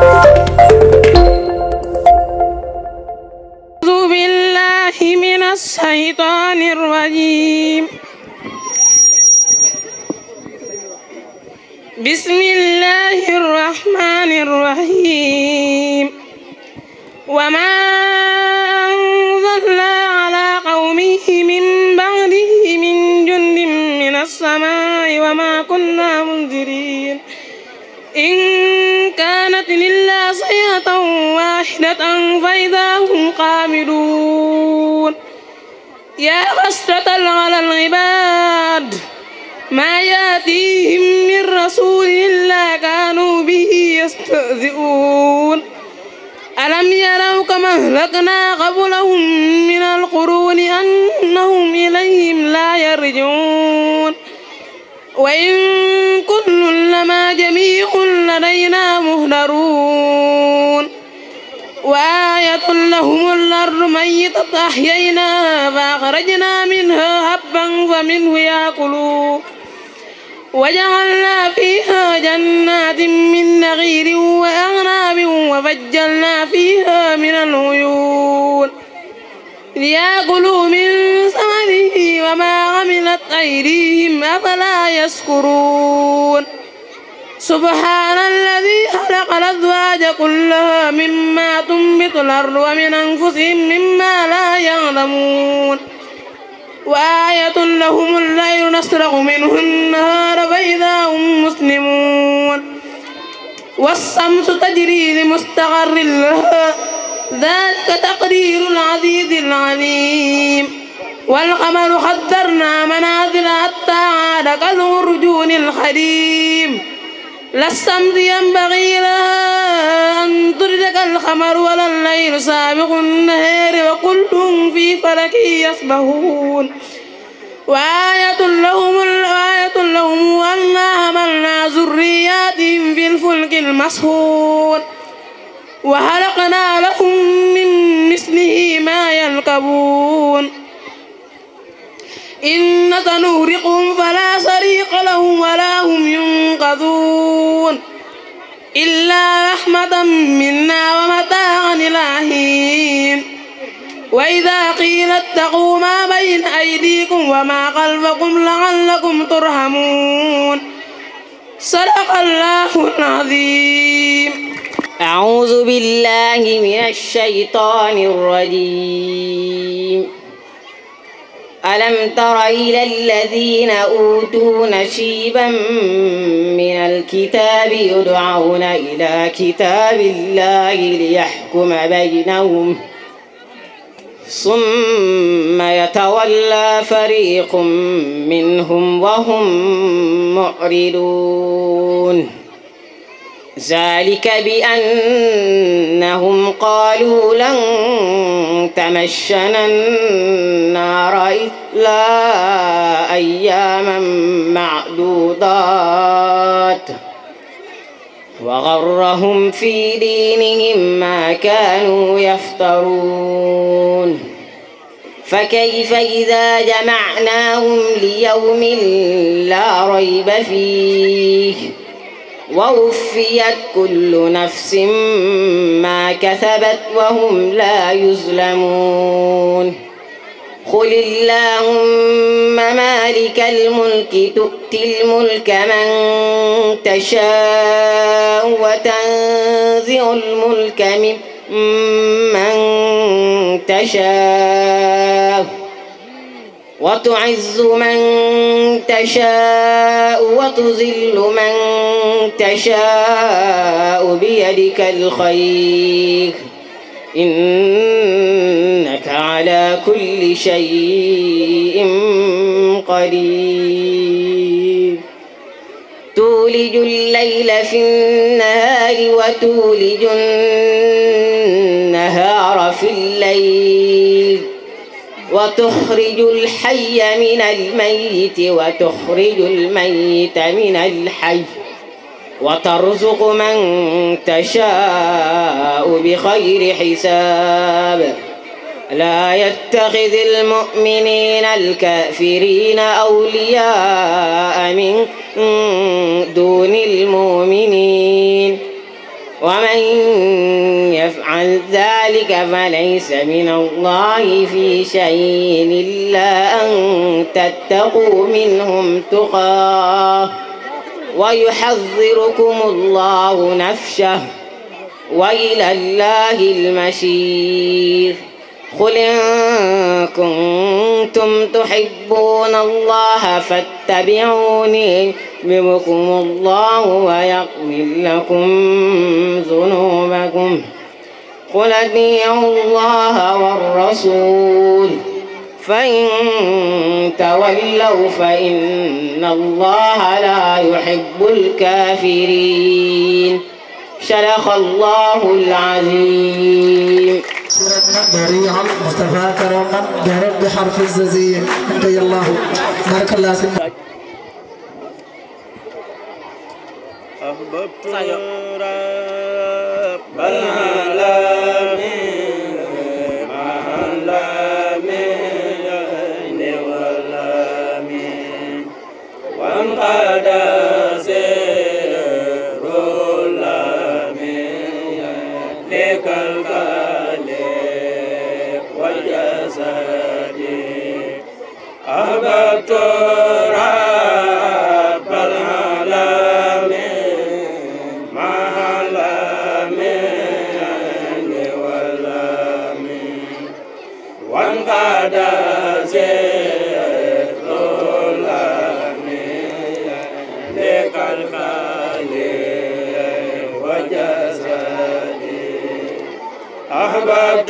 أعوذ بالله من الشيطان الرجيم بسم الله الرحمن الرحيم وما أنزلنا على قومه من بعده من جند من السماء وما كنا منذرين إن كانت إلا صيحة واحدة فإذا هم قامدون يا حسرة على العباد ما يأتيهم من رسول إلا كانوا به يستهزئون ألم يروا كما أهلكنا قبلهم من القرون أنهم إليهم لا يرجعون وإن كل لما جميع لدينا مهدرون وآية لهم الأرض ميتة أحييناها فأخرجنا منها هبا فمنه يأكلون وجعلنا فيها جنات من نغير وأعناب وفجلنا فيها من العيون ليأكلوا من ثمره وما عملت أيديهم أفلا يشكرون سبحان الذي خلق الأزواج كلها مما تنبت الأرض ومن أنفسهم مما لا يعلمون وآية لهم الليل نسرق منه النهار فإذا هم مسلمون والشمس تجري لمستقر لها ذلك تقدير العزيز العليم والقمر قدرنا منازل حتى عاد كالمرجون الخديم لا الشمس ينبغي لها أن تدرك القمر ولا الليل سابق النهار وكلهم في فلك يسبحون وآية لهم وآية لهم أنا حملنا ذرياتهم في الفلك المسهول وخلقنا لكم من مثله ما يركبون إن نغرقهم فلا صريخ لهم ولا هم ينقذون إلا رحمة منا ومتاعا إلى حين وإذا قيل اتقوا ما بين أيديكم وما خلفكم لعلكم ترحمون صدق الله العظيم أعوذ بالله من الشيطان الرجيم ألم تر إلى الذين أوتوا نشيبا من الكتاب يدعون إلى كتاب الله ليحكم بينهم ثم يتولى فريق منهم وهم معرضون ذلك بأنهم قالوا لن تمشنا النار إلا أياما معدودات وغرهم في دينهم ما كانوا يفترون فكيف إذا جمعناهم ليوم لا ريب فيه ووفيت كل نفس ما كسبت وهم لا يظلمون قل اللهم مالك الملك تؤتي الملك من تشاء وتنزع الملك ممن تشاء وتعز من تشاء وتذل من تشاء بيدك الخير إنك على كل شيء قدير تولج الليل في النهار وتولج النهار في الليل وتخرج الحي من الميت وتخرج الميت من الحي وترزق من تشاء بخير حساب لا يتخذ المؤمنين الكافرين أولياء من دون المؤمنين ومن يفعل ذلك فليس من الله في شيء إلا أن تتقوا منهم تقاه ويحذركم الله نفسه وإلى الله المشير قل إن كنتم تحبون الله فاتبعوني يحببكم الله ويغفر لكم ذنوبكم قل اطيعوا الله والرسول فإن تولوا فإن الله لا يحب الكافرين شرخ الله العظيم كرما دريعا مصطفى كرما برب حرف الززية انت يا الله بارك الله فيك أحببت رب العالمين مع العالمين والعالمين وانقاد أحببت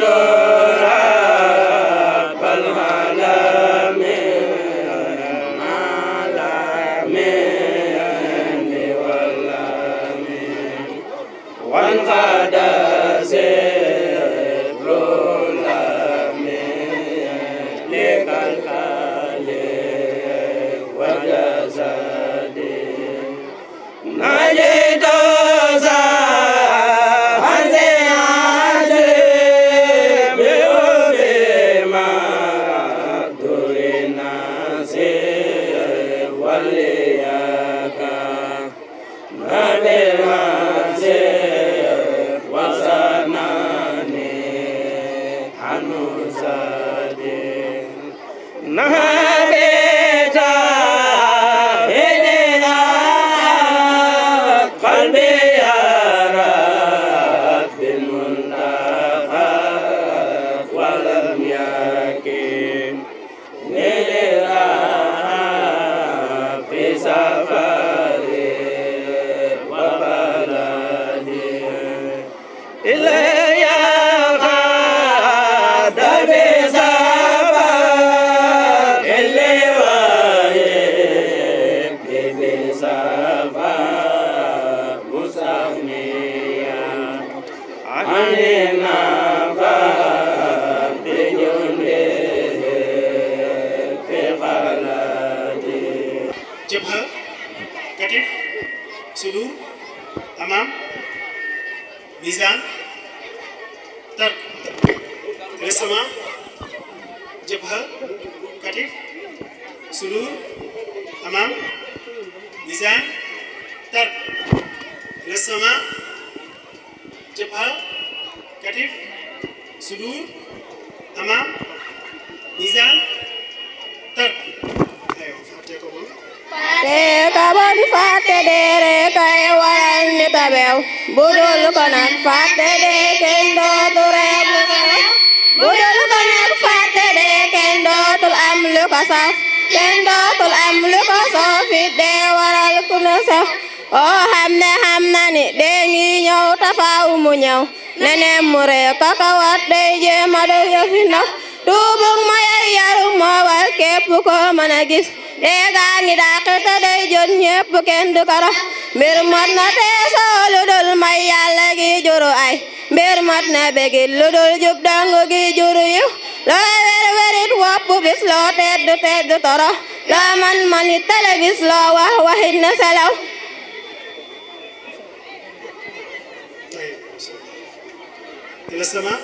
إلى السماء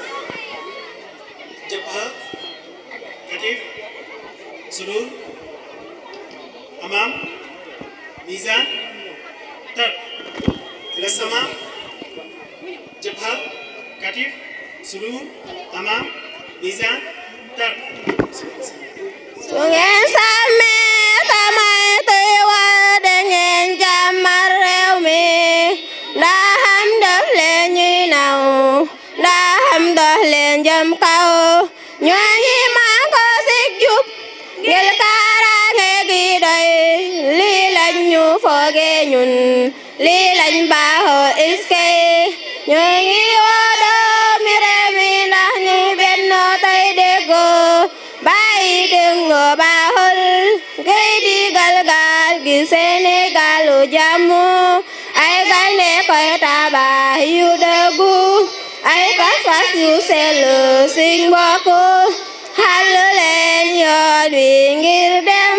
جبهة كتف سرور أمام ميزان تر إلى السماء جبهة كتف سرور أمام ميزان تر سونغ سامي سامي تيوان naw ndaa xam leen jëm kaw ñoo ngi maako sik jub ngir kaaraange gi doy lii lañ ñu fooge ñun lii lañ baaxoo iskay ñoo ngi woo doomi réew mi ndax ñu bennoo tey déggoo bàyyi déngoo baaxul ngay digal gaal gi Sénégalu jàmm tay ne koy ta bà hiu đơ gu ấy phát phát siêu xe lửa xin bó cô hát lửa lên nhờ đuyện nghi đem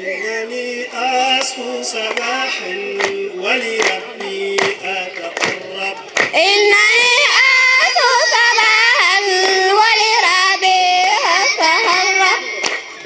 إنني أصحو صباحا ولربي أتقرب إنني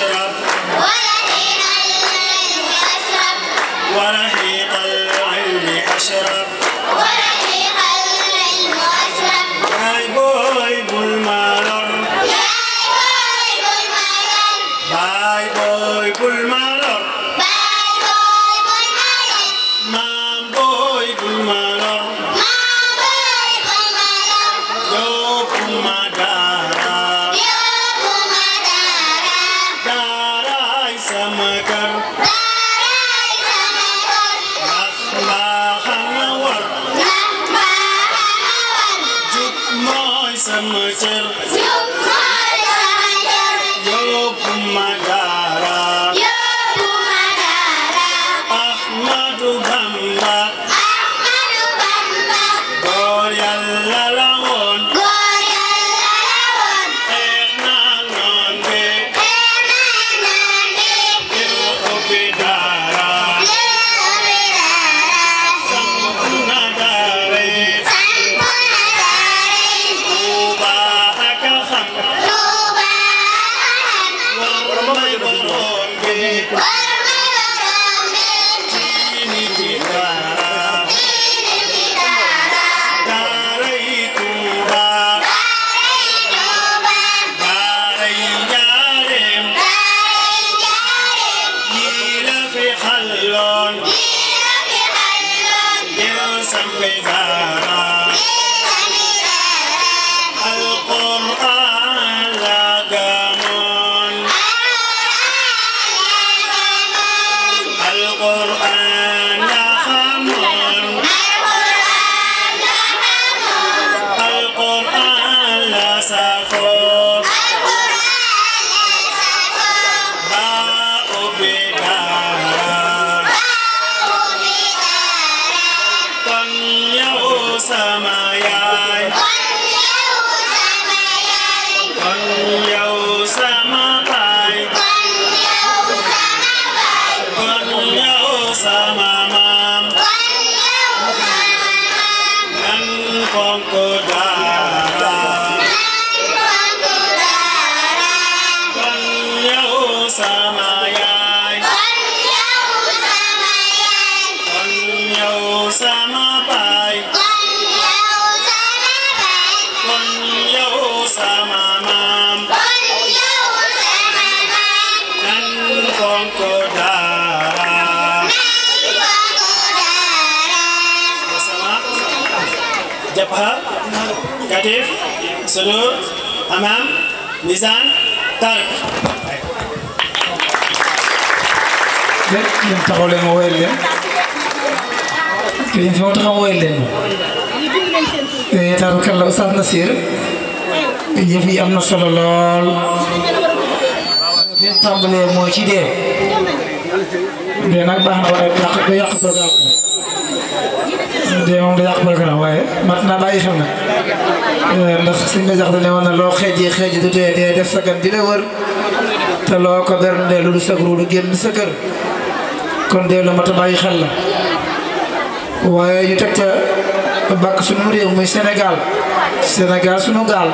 Cheikh to God. Sodo Amam Mizan Tark. lépp yéen leen ma wéyal leen yéen fi ma taxaw wéyal leen ma. taal am na solo lool. fi tàmbalee mooy ci dee. dee nag baax na waaye du yàq du diggante moom da yàq programme waaye mat naa bàyyi xel nag eh, ndax suñ la jaxle ne woon na loo xeejee xeej du tee dee def sa gan wër te loo ko berndee lu du sag ru du génn sa kon dee lu mat a bàyyi xel la waaye ñu teg ca bàkk réew muy Sénégal Sénégal suñu gaal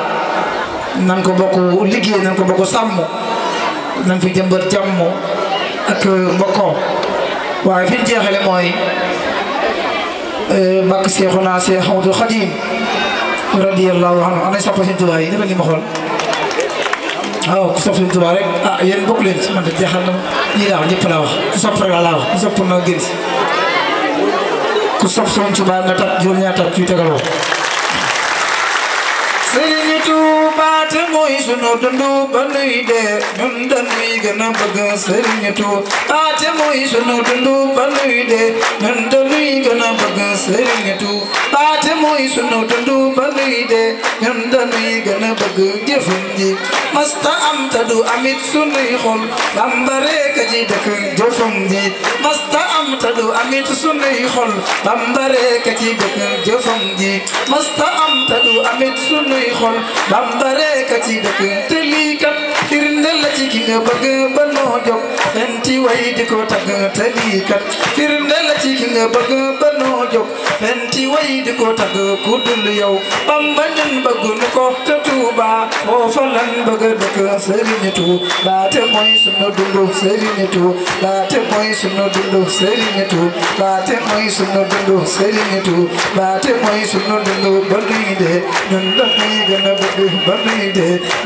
nan ko bokk liggéey nan ko bokk sàmm nan fi jëmbat jàmm ak mbokkoo waaye fi ñu jeexale mooy bakk Seexuna Seex Ahmadul Xadim radiyallahu anhu ana sopp Sëñ Tuubaa yi dafa ma xool waaw ku sopp Sëñ Tuubaa rek ah yéen ci man de jeexal na ñii laa wax ñëpp laa ku sopp rek laa ku sopp na gën si ku sopp Sëñ Tuubaa nga tat juróom-ñaar tat yu mooy sunu dundu ba nuy dee ñun dañuy gën a bëgg Sëriñ Tuuba te mooy sunu a bëgg a masta am ta du amit sunuy xol Bamba rekk ji dëkk masta am ta amit sunuy xol Bamba rekk ji dëkk jëfum ji masta am ta amit sunuy xol Bamba rekk xasiida te lii kat firnde la ci ki nga bëgg ba noo jóg fenti way di ko tagg te kat firnde ci ki nga bëgg ba noo jóg fenti way di ko tagg ku dul yow Bamba ñun bëgg nu ko te Tuuba foofa lan bëgg dëkk Serigne Touba te mooy sunu dundu Serigne Touba te mooy sunu ñun dañuy gën a bëgg ba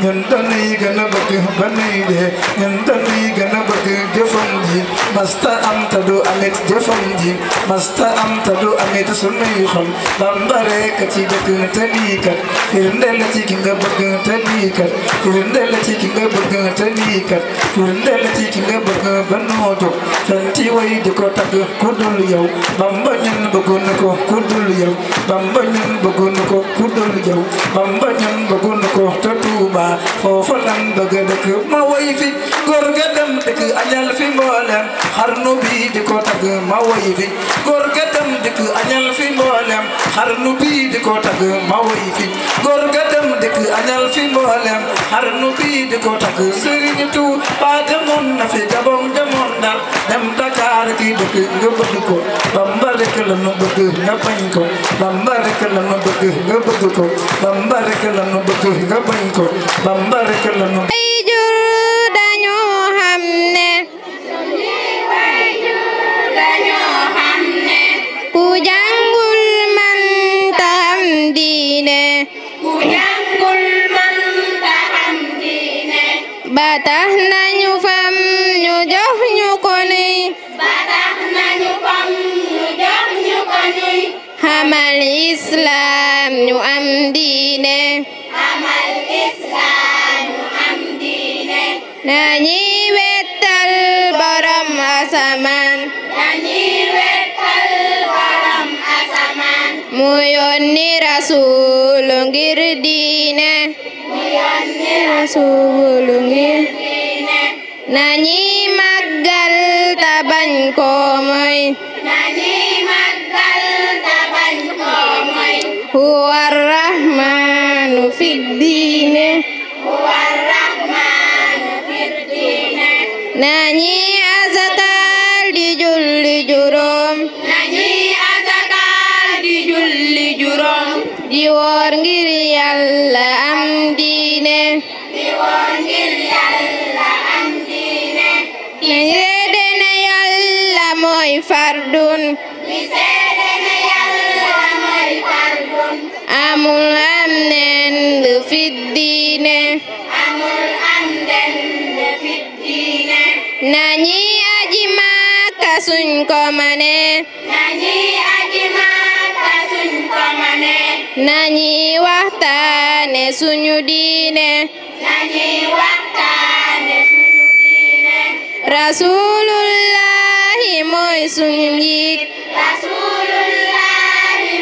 ñun dañuy gën a bëgg ba nuy dee ñun dañuy gën a bëgg jëfam ji masta am ta du amit jëfam ji masta am ta du amit sunuy xol Bamba rek a ci dëkk te lii kat firnde la ci ki nga bëgg te lii kat firnde la ci ki nga bëgg te lii kat firnde la ci ki nga bëgg ba noo jóg fenti way di ko tagg ku dul yow Bamba ñun bëggoon ko ku dul yow Bamba ñun bëggoon ko ku dul yow Bamba ñun bëggoon ko Touba foofu lan bëgg dëkk ma woy fi góor ga dem dëkk añal fi mboolem xarnu bi di ko tagg ma woy fi góor ga dem dëkk añal fi fi mboolem xarnu bi di ko tagg Sëriñ Touba demoon na fi Gabon demoon Ndar dem Dakar ki dëkk nga bëgg ko Bamba rek la nu bëgg nga bañ ko Bamba rek la nu bëgg nga bëgg ko bamba rek la nu ay jur dañu ba tax nañu fam ñu jox ñu ko nuy xamal islam ñu am diine lislaam am diine nañuy wettal borom asamaan nañuy wettal borom ngir diine mu yónni rasul ngir ko الرحمن في الدين هو الرحمن في الدين ناني أزكى لجل جرم ناني أزكى لجل جرم ديوار غير يالله ko manee nañi aji Makka suñ ko manee mooy suñu njiit rasulullahi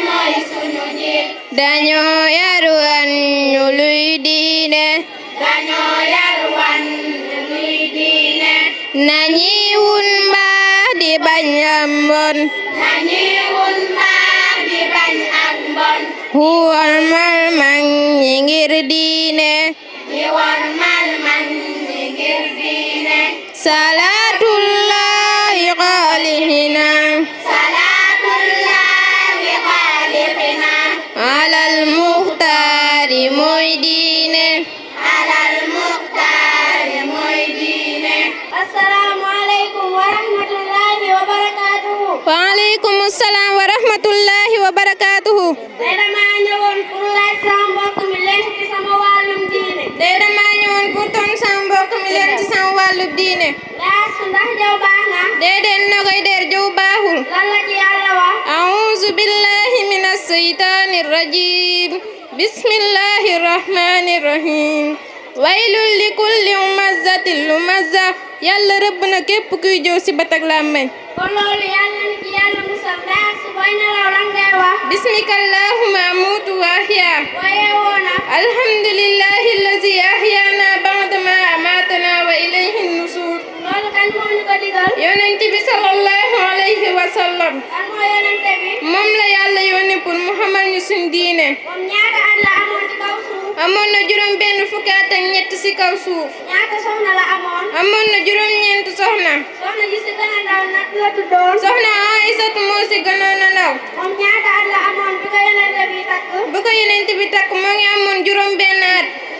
mooy suñu njiit dañoo yaruwan ñu luy diine dañoo yaruwan ñu luy diine nañi bañ am bon nañuwul maam yi bañ ak bon huwal mal man ñi ngir diine ñi war mal man ñi ngir diine salaatul déedéet na koy der jow baaxul lan la ci yàlla wax a'uuzu billahi minash shaytaanir rajiim bismillahir rahmanir rahim waylul li kulli humazatin lumaza yàlla rëbb na képp kuy jow ci batak làmmeñ kon loolu yàlla na ci yàlla musal daas booy nelaw lan ngay wax bismika allahumma amuutu wa ahya boo yeewoo na alhamdulillahi allazi ahyana ba'da ma amatana wa ilayhi nusur yonent bi sallallahu alayhi wa moom la yàlla yónni pour mu xamal ñu suñ diine amoon na at ak ñett ci kaw suuf amoon na juróom ñeent soxna soxna Aysatu moo ci gënoon a ndaw bu ko yonent bi takk moo ngi amoon juróom benn at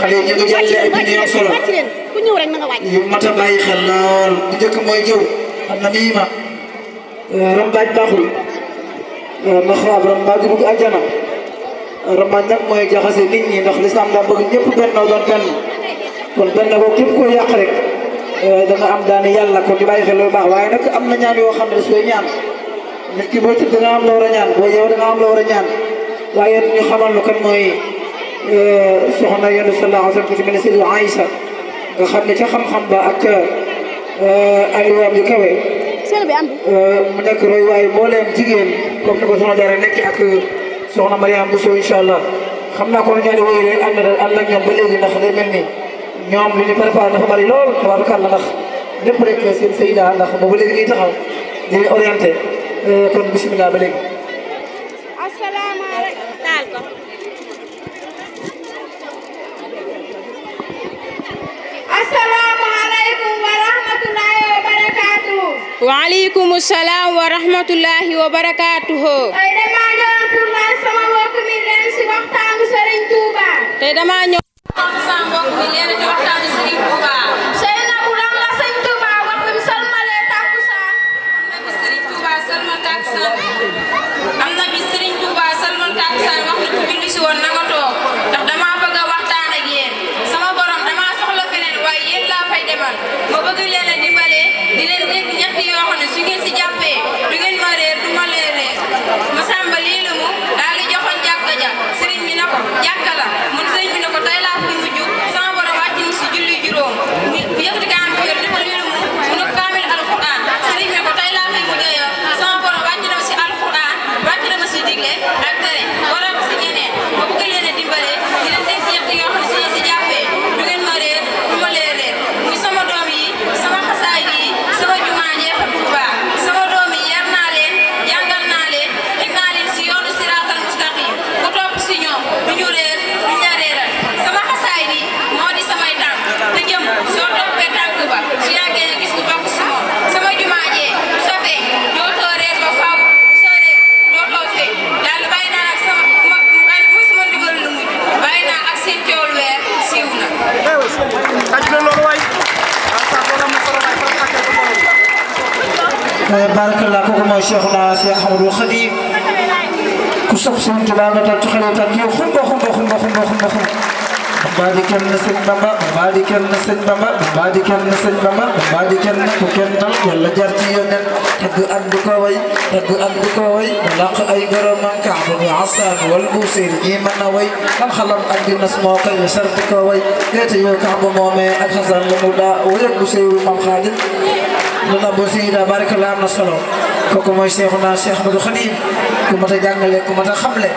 xale yi ñu ngi jàllale ay bind yoo a na euh, euh, mooy jaxase nit ñi ndax ko képp koo yàq rek euh, danga am daane yàlla kon di bàyyi xel loolu baax waaye nag am na ñaan yoo xam ne sooy ñaan nit ki boo tëdd da am la war a ñaan boo yow da am la war a ñaan waaye ñu xamal lu kan mooy soxna yonent sallallahu alayhi wa sallam ku ci mel ne Sayyida xam ne ca xam-xam ba ak euh, ay yu kawe euh, mu nekk roy waaye mbooleem jigéen comme ni ko soxna Diarra nekk ak soxna Mariam Bousso incha allah xam naa ko ñaari wooyu leen ànd ànd ak ñoom ba léegi ndax day mel ni ñoom li ñu préparé dafa bari lool tabarakallah ndax lépp rek seen sayda ndax boobu léegi ñuy taxaw di orienté euh, kon bisimilah ba léegi aleykum wa rahmatullahi wa barakaatu. waaleykum salaam wa rahmatullahi wa barakaatu. tey damaa ñëw pour laaj sama mbokk mi leen si waxtaanu Serigne Touba. tey damaa ñëw pour laaj sama mbokk mi leen si waxtaanu Serigne Touba. Cheikhuna Cheikh Ahmadou Khadim ku sopp Sëriñ Tuubaa nga tàcc xale tàcc yow xumba xumba xumba xumba xumba xumba bamba di kenn sëñ bamba bamba di kenn sëñ bamba bamba di kenn sëñ bamba bamba di kenn ku kenn dal wala jar ci yoneen tagg am du ko way tagg am du ko way laq ay gërëmam kaab bu asaan wal buusir ñi mën a way am xalam ak di nas moo koy sar di ko way déete yow kaab moomee ak xasan la mu daa wéyal bu séeru mam xaadim lu na bu siida barke la am na solo kooku mooy Seexuna Seex Ahmadu Xadim ku mat a jàngale ku mat a xamle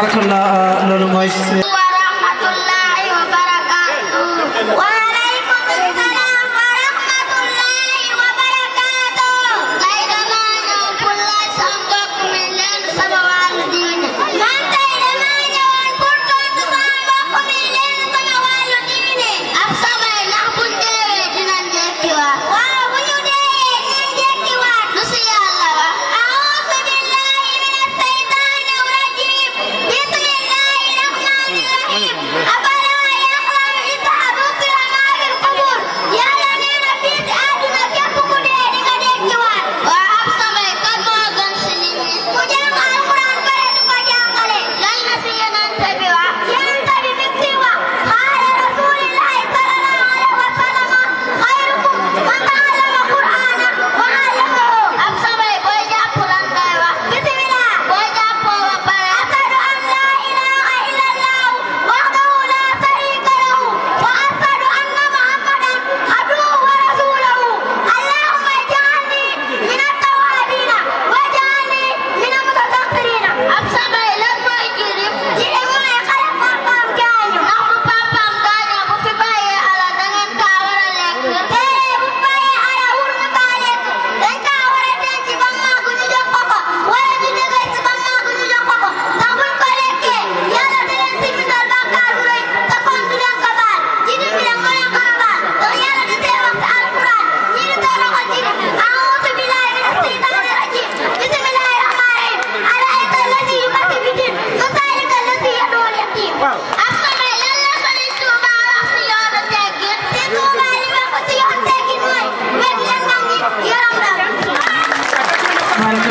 tabarakallah loolu mooy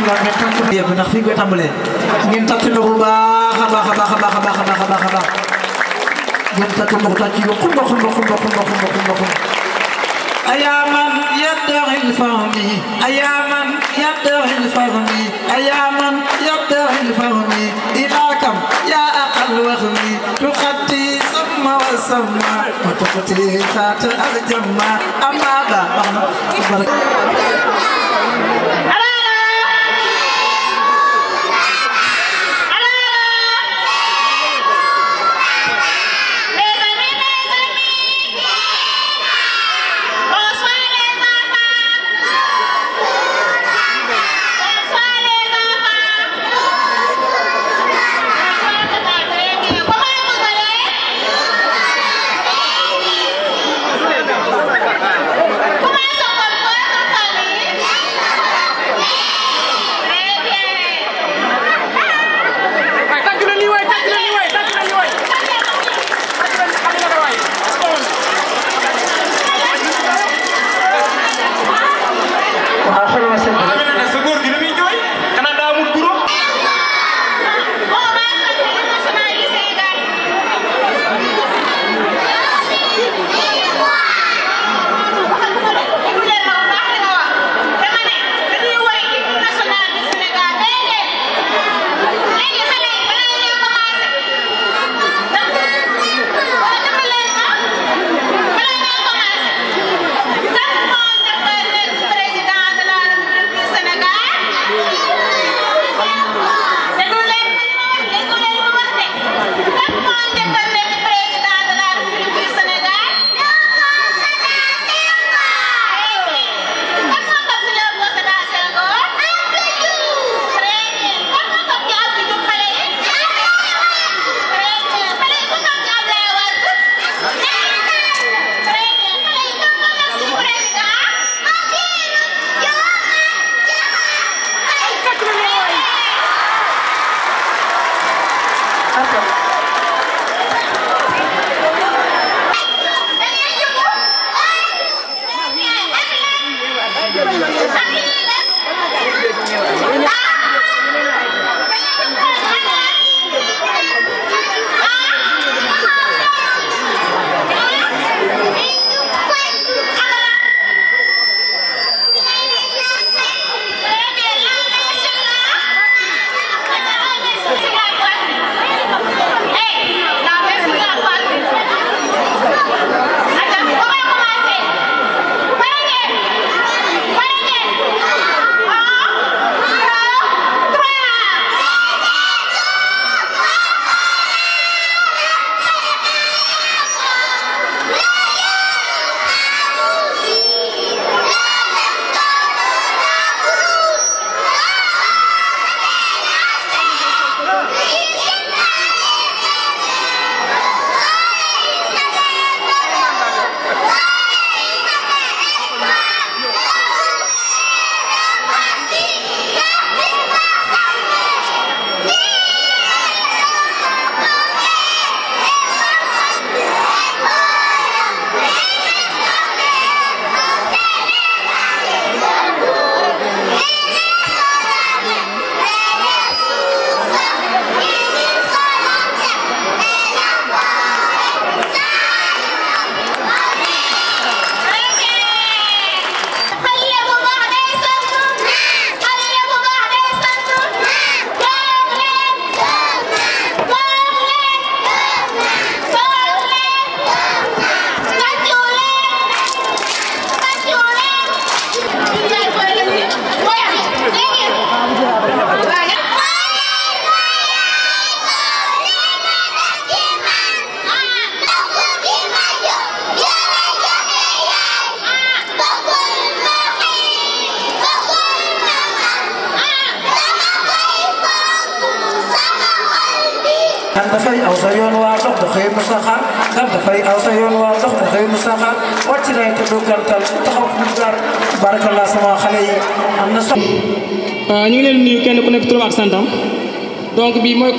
war ngeen tànn biir bi ndax fi ñu koy tàmbalee ngeen tàcc ndox bu baax a baax a baax a baax a baax a baax a baax a baax ngeen tàcc ndox tàcc yu xumba xumba xumba xumba xumba xumba xumba ayaa man yaddaxil fahmi ayaa man yaddaxil fahmi ayaa man yaddaxil fahmi ilaakam yaa aqal waxmi tuxatti sama wa sama wa tuxatti saata al jamma amaaba wax na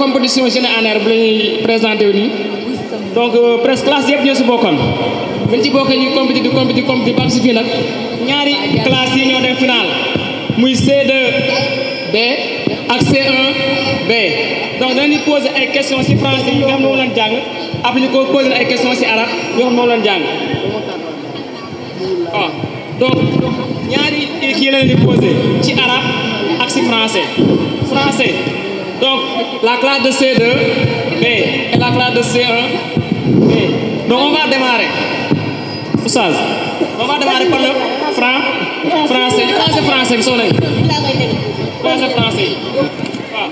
compétition jeune en herbe bu la ñuy présenté wu nii donc euh, presque classe yëpp ñoo si bokkoon buñ ci bokkee ñu compétit di compétit compétit ba si nag ñaari classe yi ñoo dem final muy C2 B ak C1 B donc dañuy poser ay questions si français yi nga xam ne moom jàng après ñu ko poser ay questions si arabe yoo xam ne moom lañ jàng ah. donc ñaari kii la leen di poser ci arabe ak si français français. Donc, la classe de C2, B, et la classe de C1, B. on va démarrer. Oustaz, on va démarrer par le franc, français. Je pense français, bi soxla français français. Waaw.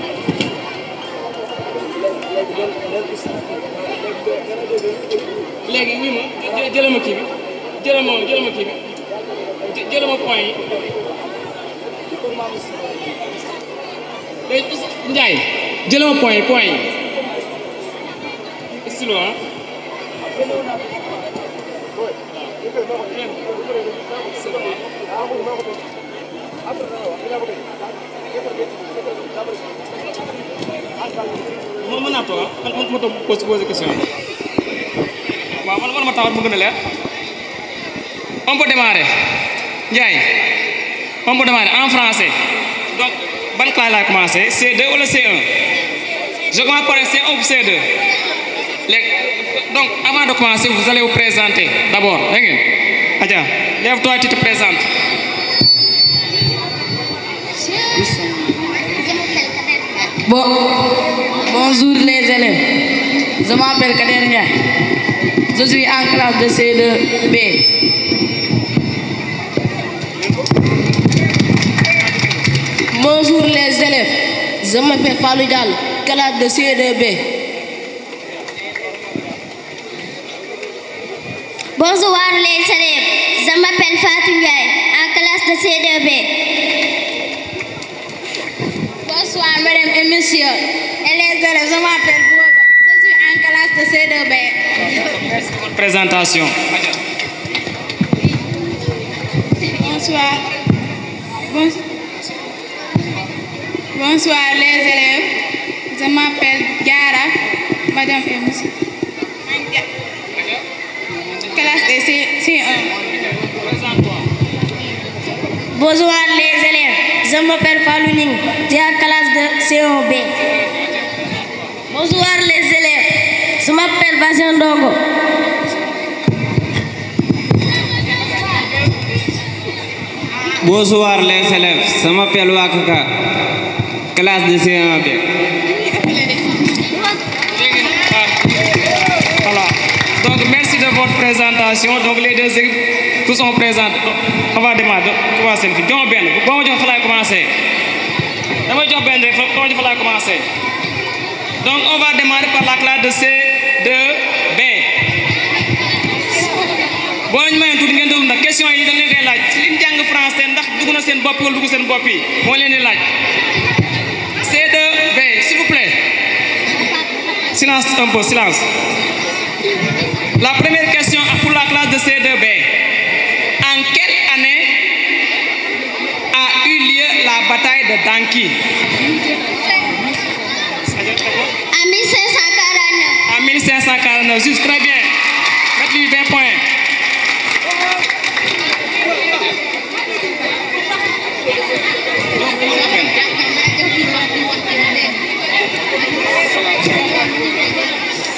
léegi ñu ma jëlal ma bi jëlal ma jëlal ma kii bi jëlal ma point yi. Ndiaye jël ma point point yi. estilo ah. man mën naa toog ma toog posé question bi waaw ma taxaw mu gën on peut démarrer on peut en français ban classe laa commencé C2 wala C1 je commence par C1 ou C2 donc avant de commencer vous allez vous présenter d'abord dégg ngeen Adja toi tu te Bon, bonjour les élèves. Je m'appelle Kader Je suis en classe de C2B. Bonjour les élèves, je m'appelle Fallou Diallo, classe de CDB. Bonjour les élèves, je m'appelle Fatou Ndiaye, en classe de CDB. Bonsoir mesdames et messieurs, et les élèves, je m'appelle Bouba, je suis en classe de CDB. Merci pour votre présentation. Bonsoir. Bonsoir. Bonsoir les élèves. Je m'appelle Diara, Madame Emus. Classe de C1. Bonsoir les élèves. Je m'appelle Faluning, de la classe de C1B. Bonsoir les élèves. Je m'appelle Vasendongo. Bonsoir les élèves. Je m'appelle Wakaka. classe de CM1 bi voilà donc merci de votre présentation donc les deux équipes tous sont présentes on va démarrer commencer fi jox benn boo ma jox fa laay commencer dama jox benn rek boo ma jox fa laay commencer donc on va démarrer par la classe de C2B boo ñu mayee tuuti ngeen déglu ndax question yi dañ leen koy laaj ci li ñu jàng français ndax dugg na seen bopp wala dugg seen bopp yi moo leen di laaj silence un peu, silence. La première question est pour la classe de C2B. En quelle année a eu lieu la bataille de Danki En 1549. En 1549, juste très bien.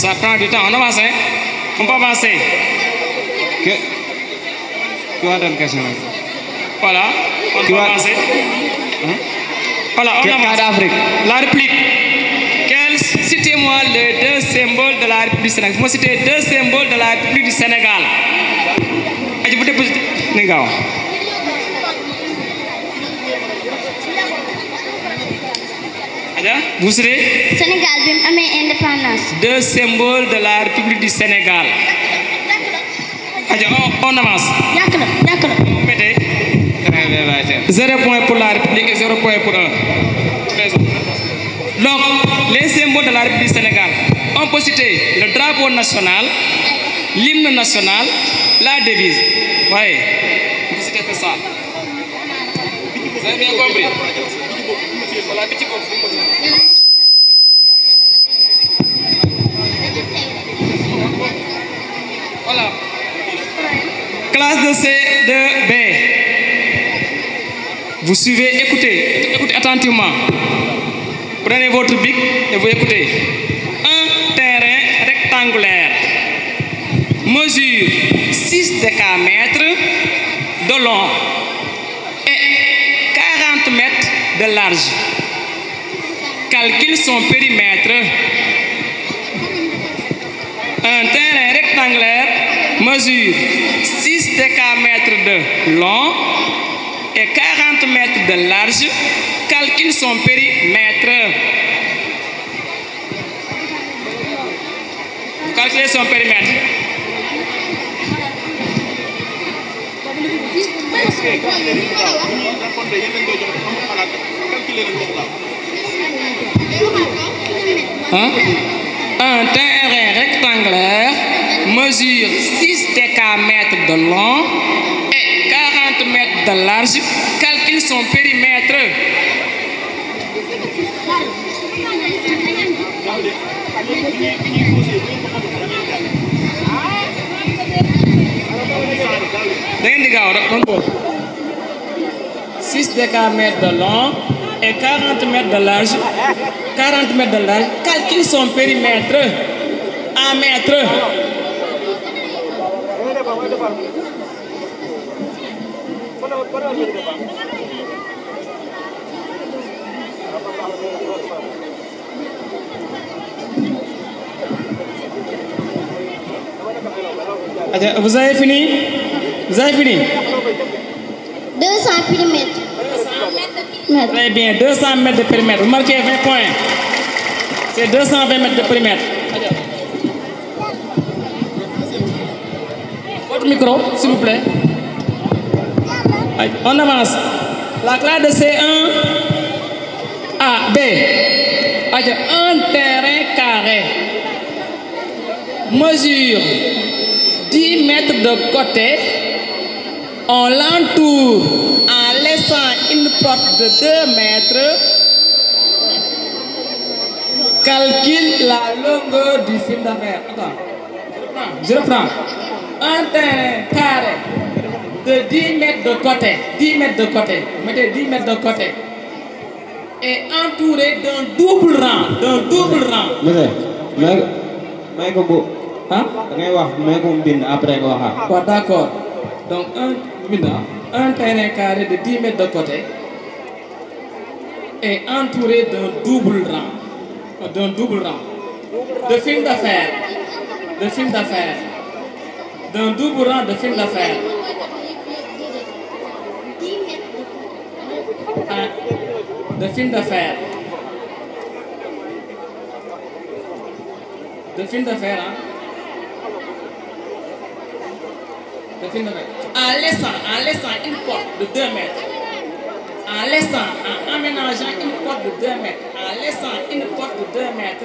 Ça prend du temps. On avance, hein? On peut avancer. Que... Tu vas donner question. Voilà, on peut avancer. Hein? Voilà, on avance. d'Afrique. La réplique. Quel... Citez-moi les deux symboles de la République du Sénégal. Moi, citez deux symboles de la République du Sénégal. Je vous dépose... Nengawa. Vous serez Sénégal. lañ amee indépendance. deux symboles de la République du Sénégal. on avance. d'accord d'accord. zéro point pour la République et zéro point pour un. donc les symboles de la République du Sénégal on peut citer le drapeau national l'hymne national la devise waaye oui. c'était que ça. Vous avez bien compris? classe de C2B. Vous suivez, écoutez, écoutez attentivement. Prenez votre bic et vous écoutez. Un terrain rectangulaire mesure 6 de long et mètres de large. Calcule son périmètre. Un terrain rectangulaire mesure mètres de long et mètres de large calcule son périmètre. Un terrain rectangulaire mesure 6 décamètres de long de large calcule son périmètre. da ngeen di gaaw rek encore. 6 décamètres de long et 40 mètres de large 40 mètres de large calcule son périmètre en mètres. Vous avez fini Vous avez fini 200 périmètres. Très bien, 200 mètres de périmètre. Vous marquez 20 points. C'est 220 mètres de périmètre. Votre micro, s'il vous plaît. On La classe de c A, B. Un terrain carré. Mesure 10 mètres de côté. On l'entoure en laissant une porte de 2 mètres. Calcule la longueur du film d'affaires. de 10 de côté, 10 mètres de côté, mettez 10 mètres de côté, et entouré d'un double rang, d'un double rang. ko bu. da ngay wax may ko mbind après nga waxaat. waaw d'accord donc un carré de 10 mètres de côté et entouré d'un double rang, d'un de film d'affaires, de film d'affaires, d'un double le film de fer le film de fer de fer en laissant en laissant une de 2 mètres en laissant en aménageant de 2 mètres en laissant une porte de 2 mètres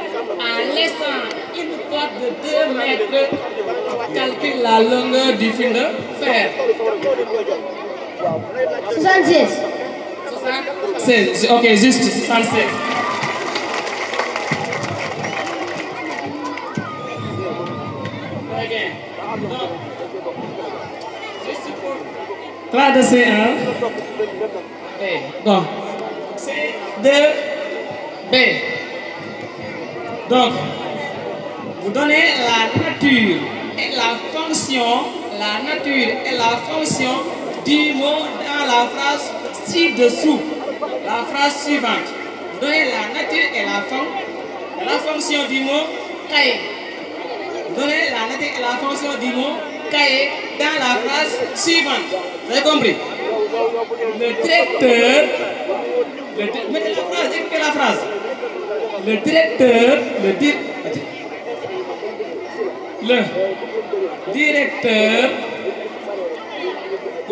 en laissant une corde de 2 mètres calcule la longueur du fil de fer. 76. 76, ok, juste 76. Très bien. Donc, juste pour. 3 de C1. Ok, donc, C2, B. Donc, vous donnez la nature et la fonction, la nature et la fonction du mot dans la phrase ci-dessous. La phrase suivante. Vous donnez la nature et la, fonction du mot cahier. dans la phrase suivante. Vous Le traiteur. Le tra la phrase, écoutez la phrase. le directeur le di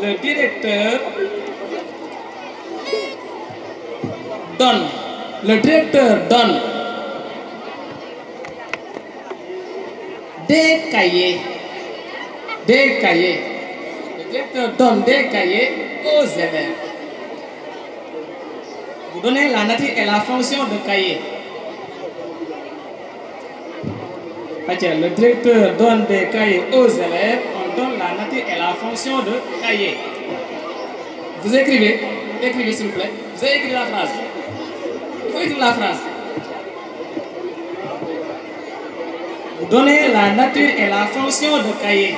le directeur le donne le directeur donne des cahiers le directeur donne des cahiers aux élèves la nature et la fonction de cahier le directeur donne des cahiers aux élèves, on donne la nature et la fonction de cahier. Vous écrivez, écrivez s'il vous plaît. Vous avez la phrase. Il faut la phrase. Vous donnez la nature et la fonction de cahier.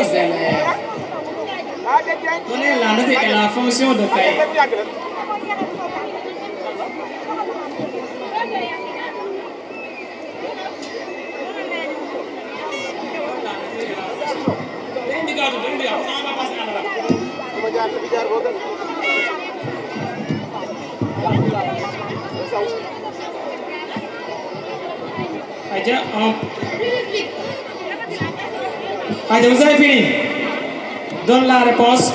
aux élèves. Connaît la note et la fonction de paix. Adja, Allez, vous avez fini. Donne la réponse.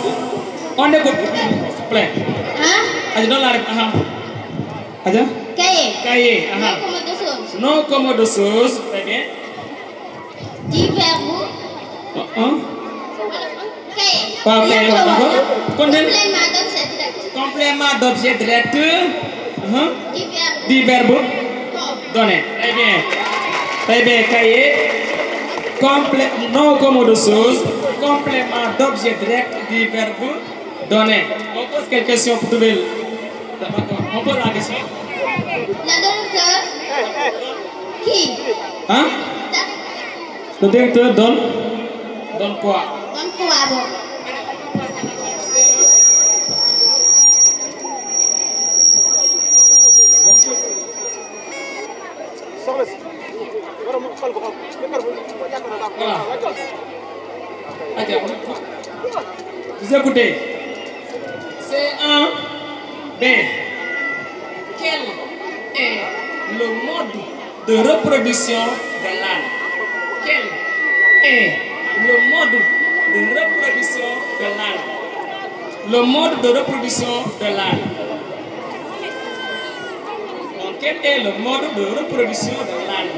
On écoute, s'il vous Hein? Allez, donne la réponse. Uh -huh. Allez. Cahier. Cahier. Uh -huh. Non comme Très bien. Divers verbes. Uh -huh. Cahier. Pas cahier. Complément d'objet direct. Complément d'objet Très bien. Très bien, cahier. complète non comme de choses, complément d'objet direct du verbe donner. On pose quelques questions trouver. On pose la question. Le directeur. Hein Le directeur donne. Donne quoi Donne quoi, bon. écoutez. C'est un bien. Quel est le mode de reproduction de l'âne? Quel est le mode de reproduction de l'âne? Le mode de reproduction de l'âne. Donc, quel est le mode de reproduction de l'âne?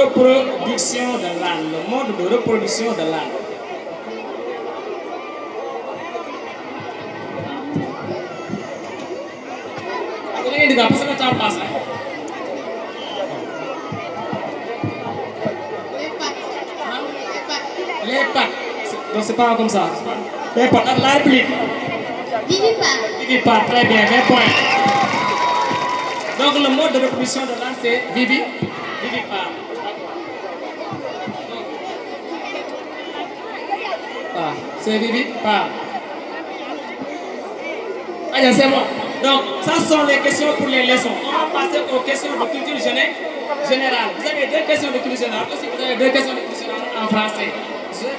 Reproduction de l'âne, le mode de reproduction de l'âne. c'est pas comme ça. mais par contre la réplique. Vivi Par. Vivi Par très bien 20 points. donc le mode de répétition de l'art c'est Vivi Vivi Par. ah c'est Vivi Par. Aja ah, c'est moi. Donc ça sont les questions pour les leçons. On va passer aux questions de culture générale. Vous avez deux questions de culture générale aussi, vous avez deux questions de culture générale en français.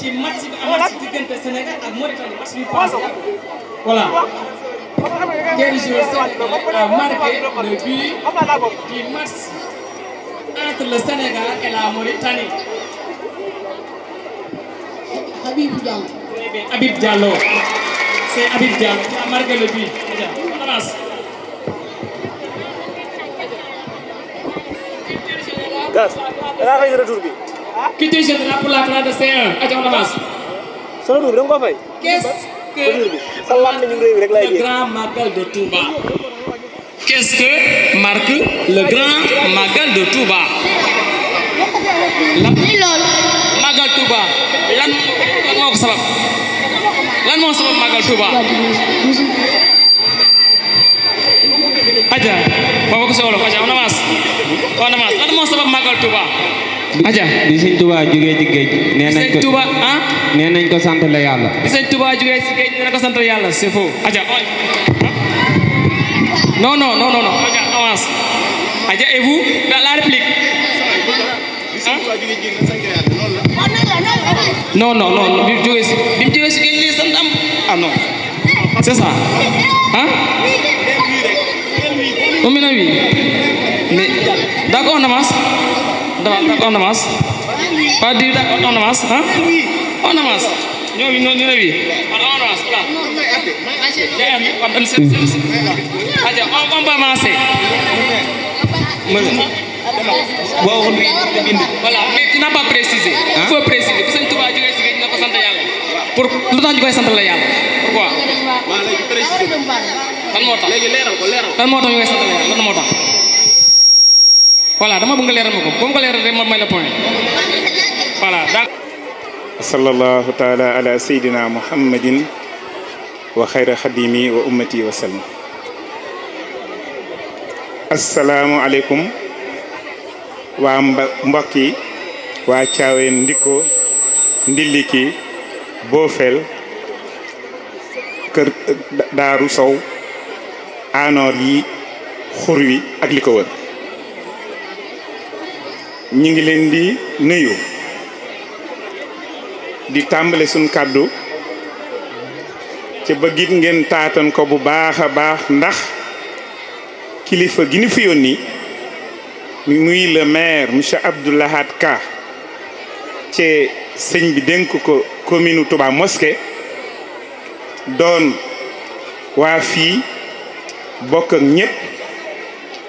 ci match bi amoon ci diggante Sénégal ak Mauritanie match bi passé voilà quel joueur sénégalais a marqué le but du match entre le Sénégal et la Mauritanie. Habib Diallo. très bien Habib Diallo c'est Habib Diallo qui a marqué le but déjà on avance. gaz. retour bi. qui te jettera pour la classe de CE1 grand magal de Touba qu'est-ce que marque le grand magal de Touba lan magal Touba lan moo ko sabab lan moo sabab magal Touba aja baba ko solo aja on avance on avance lan moo sabab magal Touba aja bi sëñ Tuubaa jógee ci géej ah? nee nañ ko Tuubaa la yàlla bi sëñ Tuubaa jógee ci géej nee nañ ko sant la yàlla c'est faux aja non non non non aja avance aja et ah? géej li sant am ah c'est ça ah combien na wi mais d'accord on avance pas dire d'accord on avance hein on avance ñoom ñu ne wi on avance voilà aja on va avancer voilà mais dina pas préciser il faut préciser bu sëñ Touba jógee si géej na ko sant yàlla pour lu tax ñu koy sant la yàlla pourquoi lan moo tax lan moo tax ñu koy sant la yàlla lan moo tax voilà dama bëgg leeral ma may la point voilà daal sallallahu taala waa mbokk waa caaween ndikko ndilliki boofeel kër daaru sow anoor yi xur ak li wër ñi ngi leen di nuyu di tàmbale suñ kàddu ca bëggit ngeen taatan ko bu baax a baax ndax kilifa gi ñu fi yónni muy le maire monsieur Abdou Lahad Ka ci sëñ bi dénk ko commune Touba moske doon waa fii bokk ak ñëpp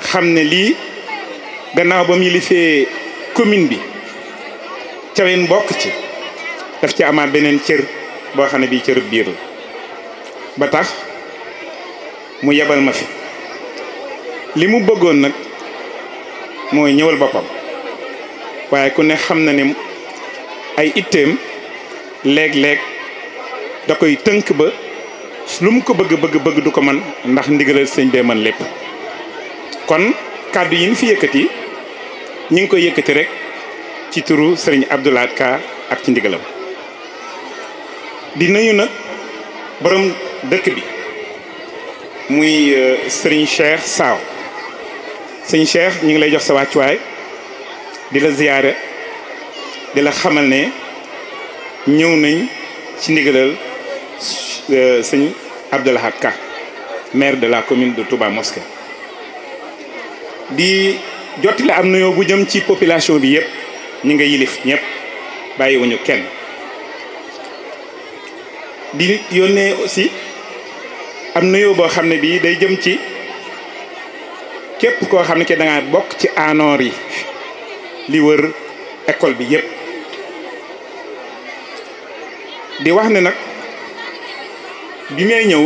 xam ne lii gannaaw ba mu yilifee commune bi Thiawéne bokk ci daf ci amaat beneen cër boo xam ne bii cërub biir la ba tax mu yebal ma fi li mu bëggoon nag mooy ñëwal boppam waaye ku ne xam na ne ay itteem léeg-léeg da koy tënk ba lu mu ko bëgg bëgg bëgg du ko man ndax ndigalal sëñ bee man lépp kon kàddu yi ñu fi yëkkati ñu ngi koy yëkkati rek ci turu sëriñ Abdou Lahad Ka ak ci ndigalam di nuyu nag borom dëkk bi muy euh, sëriñ Cheikh Saaw sëñ Cheikh ñu ngi lay jox sa wàccuwaay di la ziyaare di la xamal ne ñëw nañ ci ndigalal euh, sëñ Abdou Lahad Ka maire de la commune de Touba Mosquée di jot la am nuyoo bu jëm ci population bi yëpp ñi nga yilif ñëpp bàyyiwuñu kenn di yónnee aussi am nuyoo boo xam ne bii day jëm ci képp koo xam ne ke da bokk ci anoor yi li wër école bi yëpp di wax ne nag bi may ñëw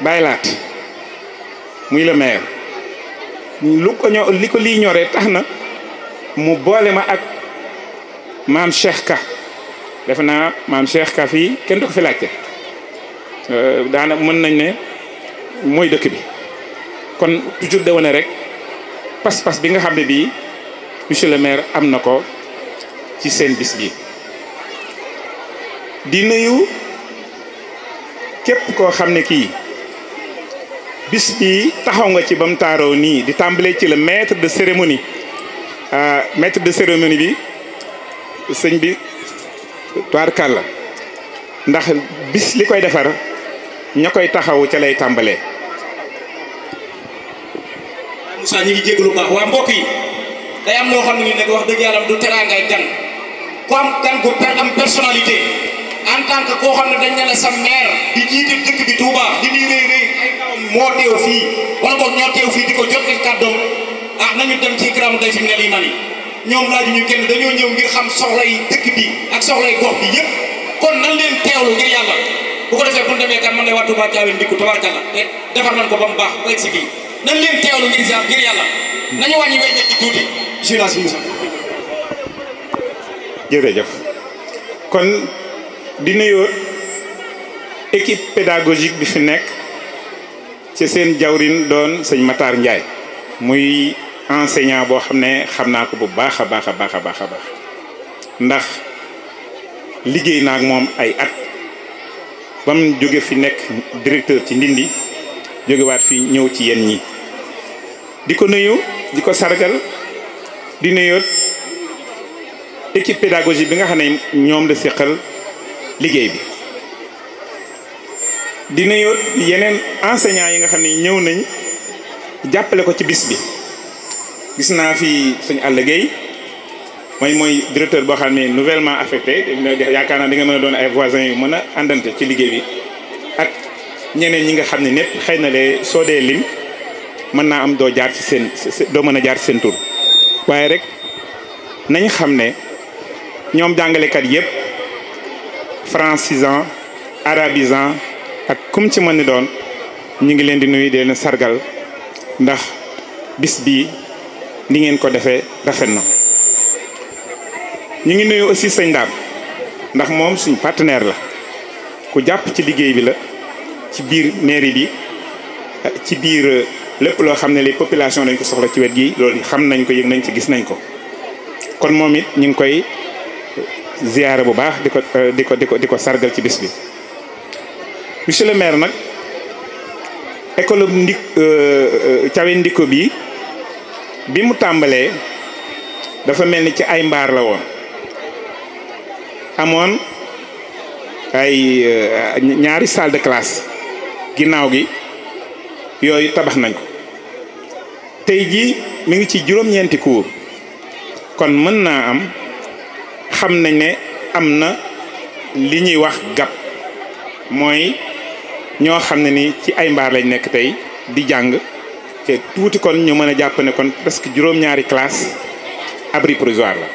bàyyi laat muy le maire lu ko li ko lii ñoree tax na mu boole ma ak maam Cheikh Ka defe naa maam Cheikh Ka fii kenn du ko fi laajte euh, daana mën nañ ne mooy dëkk bi kon toujours de wane rek pas-pas bi nga xam ne bii monsieur le maire am na ko ci seen bis bi di nuyu képp koo xam ne kii bis bi taxaw nga ci ba mu taaroo nii di tàmbalee ci la maître de cérémonie ah, maître de cérémonie bi sëñ bi tubaarkàlla ndax bis li koy defar ña koy taxaw ca lay tàmbalee. Moussa mbokk yi day am loo xam ne nag wax dëgg yàlla du teraangaay gan ku am gan gu am personnalité. en tant koo xam ne dañ ne la sa maire di jiite dëkk bi Touba di nuyu rëy moo teew fii wala boog ñoo teew fii di ko jot ci kàddoom ah nañu dem ci Ikraama day fi ne lii ma ni ñoom laaju ñu kenn dañoo ñëw ngir xam soxlay dëkk ak soxlay gox bi kon nan leen teewlu ngir yàlla bu ko defee bu ñu demee kan man lay waa Touba Thiawéne ndikku tabarkalla te defar nañ ko ba mu baax ba egg si fii nan leen teewlu ngir yàlla ngir yàlla nañu wàññi wéy ci tuuti jërëjëf kon di nuyoo équipe pédagogique bi fi nekk ci seen jawrin doon sëñ Matar Ndiaye muy enseignant boo xam ne xam naa ko bu baax a baax a baax a baax a baax ndax liggéey naa ak moom ay at ba jóge fi nekk directeur ci ndindi jógewaat fi ñëw ci yéen ñi di ko nuyu di ko sargal di nuyoot équipe pédagogique bi nga xam ne ñoom la seqal liggéey bi di nuyu yeneen enseignants yi nga xam ne ñëw nañ jàppale ko ci bis bi gis naa fi suñu àll géey mooy mooy directeur boo xam ne nouvellement affecté yaakaar naa di nga mën a doon ay voisins yu mën a àndante ci liggéey bi ak ñeneen ñi nga xam ne ñëpp xëy na de soo dee lim mën naa am doo jaar ci seen doo mën a jaar ci seen tur waaye rek nañ xam ne ñoom jàngalekat yëpp. francisant arabisant ak kum ci mën ni doon ñu ngi leen di nuyu di leen sargal ndax bis bi ni ngeen ko defee rafet na ñu ngi nuyu aussi sëñ daam ndax moom suñ partenaire la ku jàpp ci liggéey bi la ci biir mairie bi ci biir lépp loo xam ne les populations dañ ko soxla ci wet gi loolu xam nañ ko yëg nañ ci gis nañ ko kon moom it ñu ngi koy ziyaare bu baax di ko euh, di ko di ko di ko sargal ci bis bi monsieur le maire nag école ndik euh, euh, cawe ndikko bi bi mu tàmbalee dafa mel ni ci ay mbaar la woon amoon ay ñaari salle de classe ginnaaw gi yooyu tabax nañ ko tey jii mu ngi ci juróom-ñeenti cours kon mën naa am xam nañ ne am na li ñuy wax gab mooy ñoo xam ne ni ci ay mbaar lañ nekk tey di jàng te tuuti kon ñu mën a jàpp ne kon presque juróom-ñaari classe abri provisoire la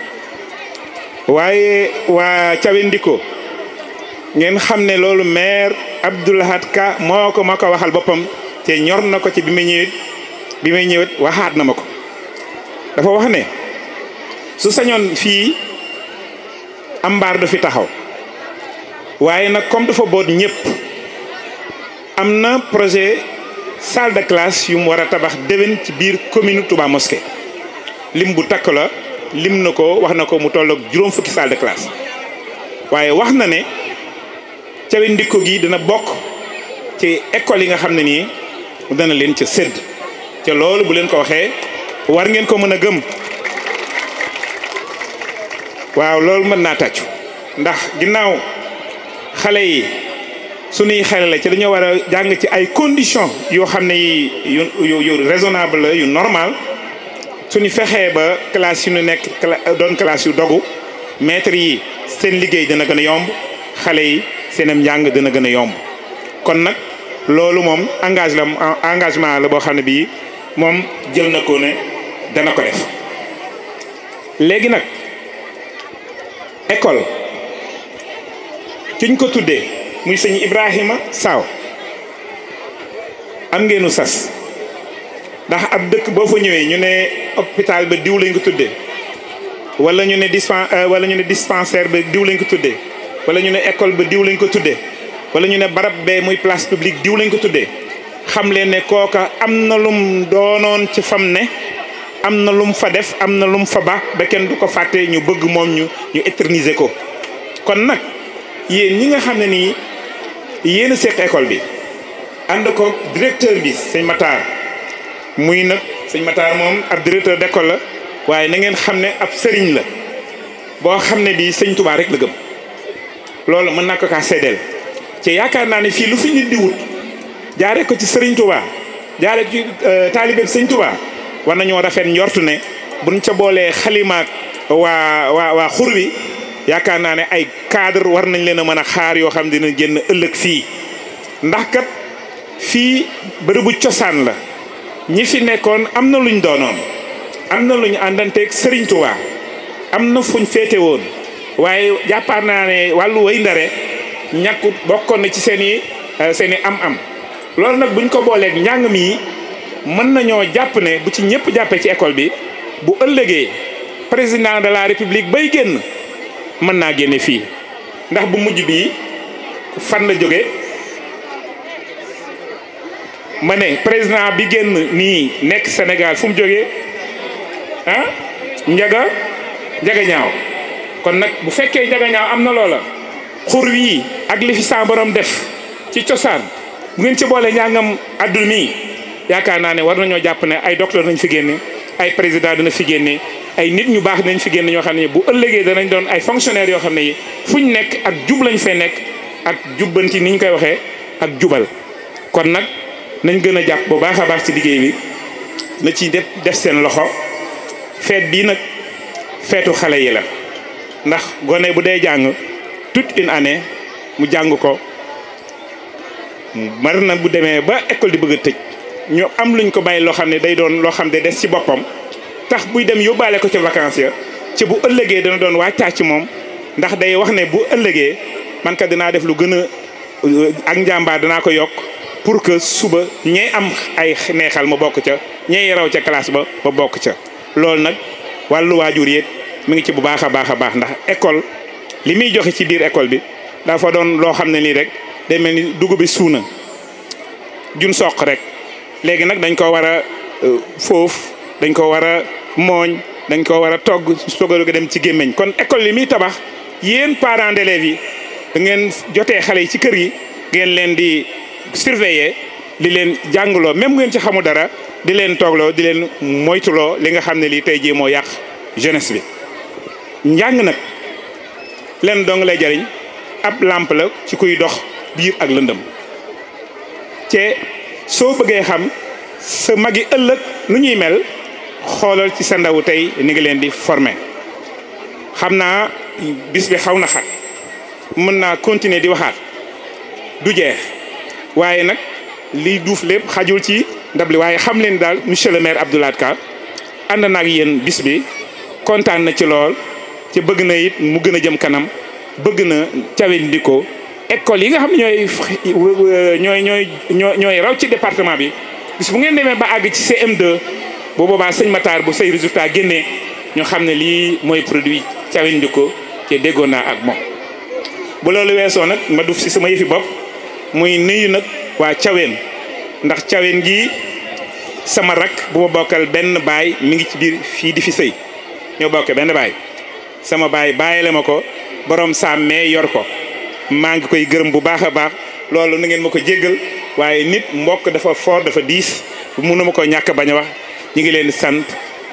waaye waa Cawendiko ngeen xam ne loolu maire Abdou Lahad Ka moo ko moo ko waxal boppam te ñor na ko ci bi may bi may ñëwit waxaat na ma ko dafa wax ne su sañoon fii am mbaar du fi taxaw waaye nag comme dafa boot ñëpp am na projet salle de classe yu mu war a tabax déwén ci biir commune Touba Mosquée lim bu takk la lim na ko wax na ko mu tolloog juróom fukki salle de classe waaye wax na ne cawe ndikko gi dana bokk ci école yi nga xam ne nii dana leen ca sédd ca loolu bu leen ko waxee war ngeen ko mën a gëm waaw loolu mën naa tàccu ndax ginnaaw xale yi suñuy xale la ci dañoo war a jàng ci ay conditions yoo xam ne yi yu yu raisonnable yu normal suñu fexee ba classe yu ñu nekk doon classe yu dogu maître yi seen liggéey dina gën a yomb xale yi seenam njàng dina gën a yomb kon nag loolu moom engage la engagement la boo xam ne bii moom jël na ko ne dana ko def léegi nag école kiñ ko tuddee muy sëñ Ibrahima Saaw am ngeenu sas ndax ab dëkk boo fa ñëwee ñu ne hôpital ba diw lañ ko tuddee wala ñu ne dispen euh, wala ñu ne dispensaire ba diw lañ ko tuddee wala ñu ne école ba diw lañ ko tuddee wala ñu ne barab bee muy place publique diw lañ ko tuddee xam ne kooka am na lum doonoon ci fam ne am na lu mu fa def am na lu mu fa ba ba kenn du ko fàtte ñu bëgg moom ñu ñu éterniser ko kon nag yéen ñi nga xam ne nii yéen a seq école bi ànd ko directeur bi sëñ Matar muy nag sëñ Matar moom ab directeur d'école la waaye na ngeen xam ne ab sëriñ la boo xam ne bii sëñ Touba rek la gëm loolu mën naa ko kaa seddeel ci yaakaar naa ne fii lu fi nit di wut jaaree ko ci sëriñ Touba jaaree ko ci euh, taalibe sëñ Touba. war nañoo rafet njort ne buñ ca boolee xalimaak waa waa waa xur wi yaakaar naa ne ay cadre war nañ leen a mën a xaar yoo xam dina génn ëllëg fii ndax kat fii bërëbu cosaan la ñi fi nekkoon am na luñ doonoon am na luñ àndanteeg Serigne Touba am na fuñ féete woon waaye jàppaar naa ne wàllu way ndare ñàkkut bokkoon na ci seen i euh, seen i am-am loolu nag buñ ko booleeg njàng mi mën nañoo jàpp ne bu ci ñëpp jàppee ci école bi bu ëllëgee président de la république bay génn mën naa génne fii ndax bu mujj bii fan la jóge ma ne président bi génn nii nekk Sénégal fu mu jógee ah njaga njaga ñaaw kon nag bu fekkee njaga ñaaw am na loola xur wii ak li fi sa borom def ci cosaan bu ngeen ci boole ñaangam addu mi yaakaar naa ne war nañoo jàpp ne ay docteur nañ fi génne ay président dina fi génne ay nit ñu baax nañ fi génne ñoo xam ne bu ëllëgee danañ doon ay fonctionnaires yoo xam ne yi fuñ nekk ak jub lañ fee nekk ak jubbanti ni ñu koy waxee ak jubal kon nag nañ gën a jàpp bu baax a baax ci liggéey bi na ci def def seen loxo feet bii nag feetu xale yi la ndax gone bu dee jàng toute une année mu jàng ko mar na bu demee ba école di bëgg a tëj ñu am luñ ko bàyyi loo xam ne day doon loo xam ne des ci boppam tax buy dem yóbbaale ko ca vacances ya ci bu ëllëgee dana doon wàccaa ci moom ndax day wax ne bu ëllëgee man ka dinaa def lu gën a euh, ak njàmbaar danaa ko yokk pour que suba ñay am ay neexal ma bokk ca ñay raw ca classe ba ba bokk ca loolu nag wàllu waajur yéet mu ngi ci bu baax a baax a baax ndax école li muy joxe ci biir école bi dafa doon loo xam ne nii rek day mel ni dugub bi suuna jun soq rek léegi nag dañ ko war a euh, foofu dañ ko war a mooñ dañ ko war a togg sogalu ko dem ci gémmiñ kon école yi muy tabax yéen parents d'élèves yi da ngeen jotee xale yi ci kër yi ngeen leen di surveiller di leen jàngloo même ngeen ci xamu dara di leen toogloo di leen moytuloo li nga xam ne lii tey jii moo yàq jeunesse bi njàng nag leen dong lay jariñ ab làmp la ci kuy dox biir ak lëndëm soo bëggee xam sa magi ëllëg lu ñuy mel xoolal ci sa ndawu tey ni ngi leen di former xam naa bis bi xaw na xat mën naa continuer di waxaat du jeex waaye nag liy duuf lépp xajul ci ndab li waaye xam leen daal monsieur le maire Abdou Lahad Ka ànd na ak yéen bis bi kontaan na ci lool ci bëgg na it mu gën a jëm kanam bëgg na cawen ko école yi nga xam ne ñooy ñooy ñooy ñooy ñooy raw ci département bi bis bu ngeen demee ba àgg ci cm bu boobaa sëñ Matar bu say résultat génnee ñoo xam ne lii mooy produit Thiawéne ko te déggoon naa ak moom. bu loolu weesoo nag ma duf si sama yëfi bopp muy nuyu nag waa Thiawéne ndax Thiawéne ji sama rak bu ma bokkal benn baay mi ngi ci biir fii di fi sëy ñoo bokkee benn baay sama baay bàyyile ma ko borom sàmmee yor ko. maa ngi koy gërëm bu baax a baax loolu na ngeen ma ko jéggal waaye nit mbokk dafa fort dafa diis nu ma ko ñàkk bañ wax ñu ngi leen sant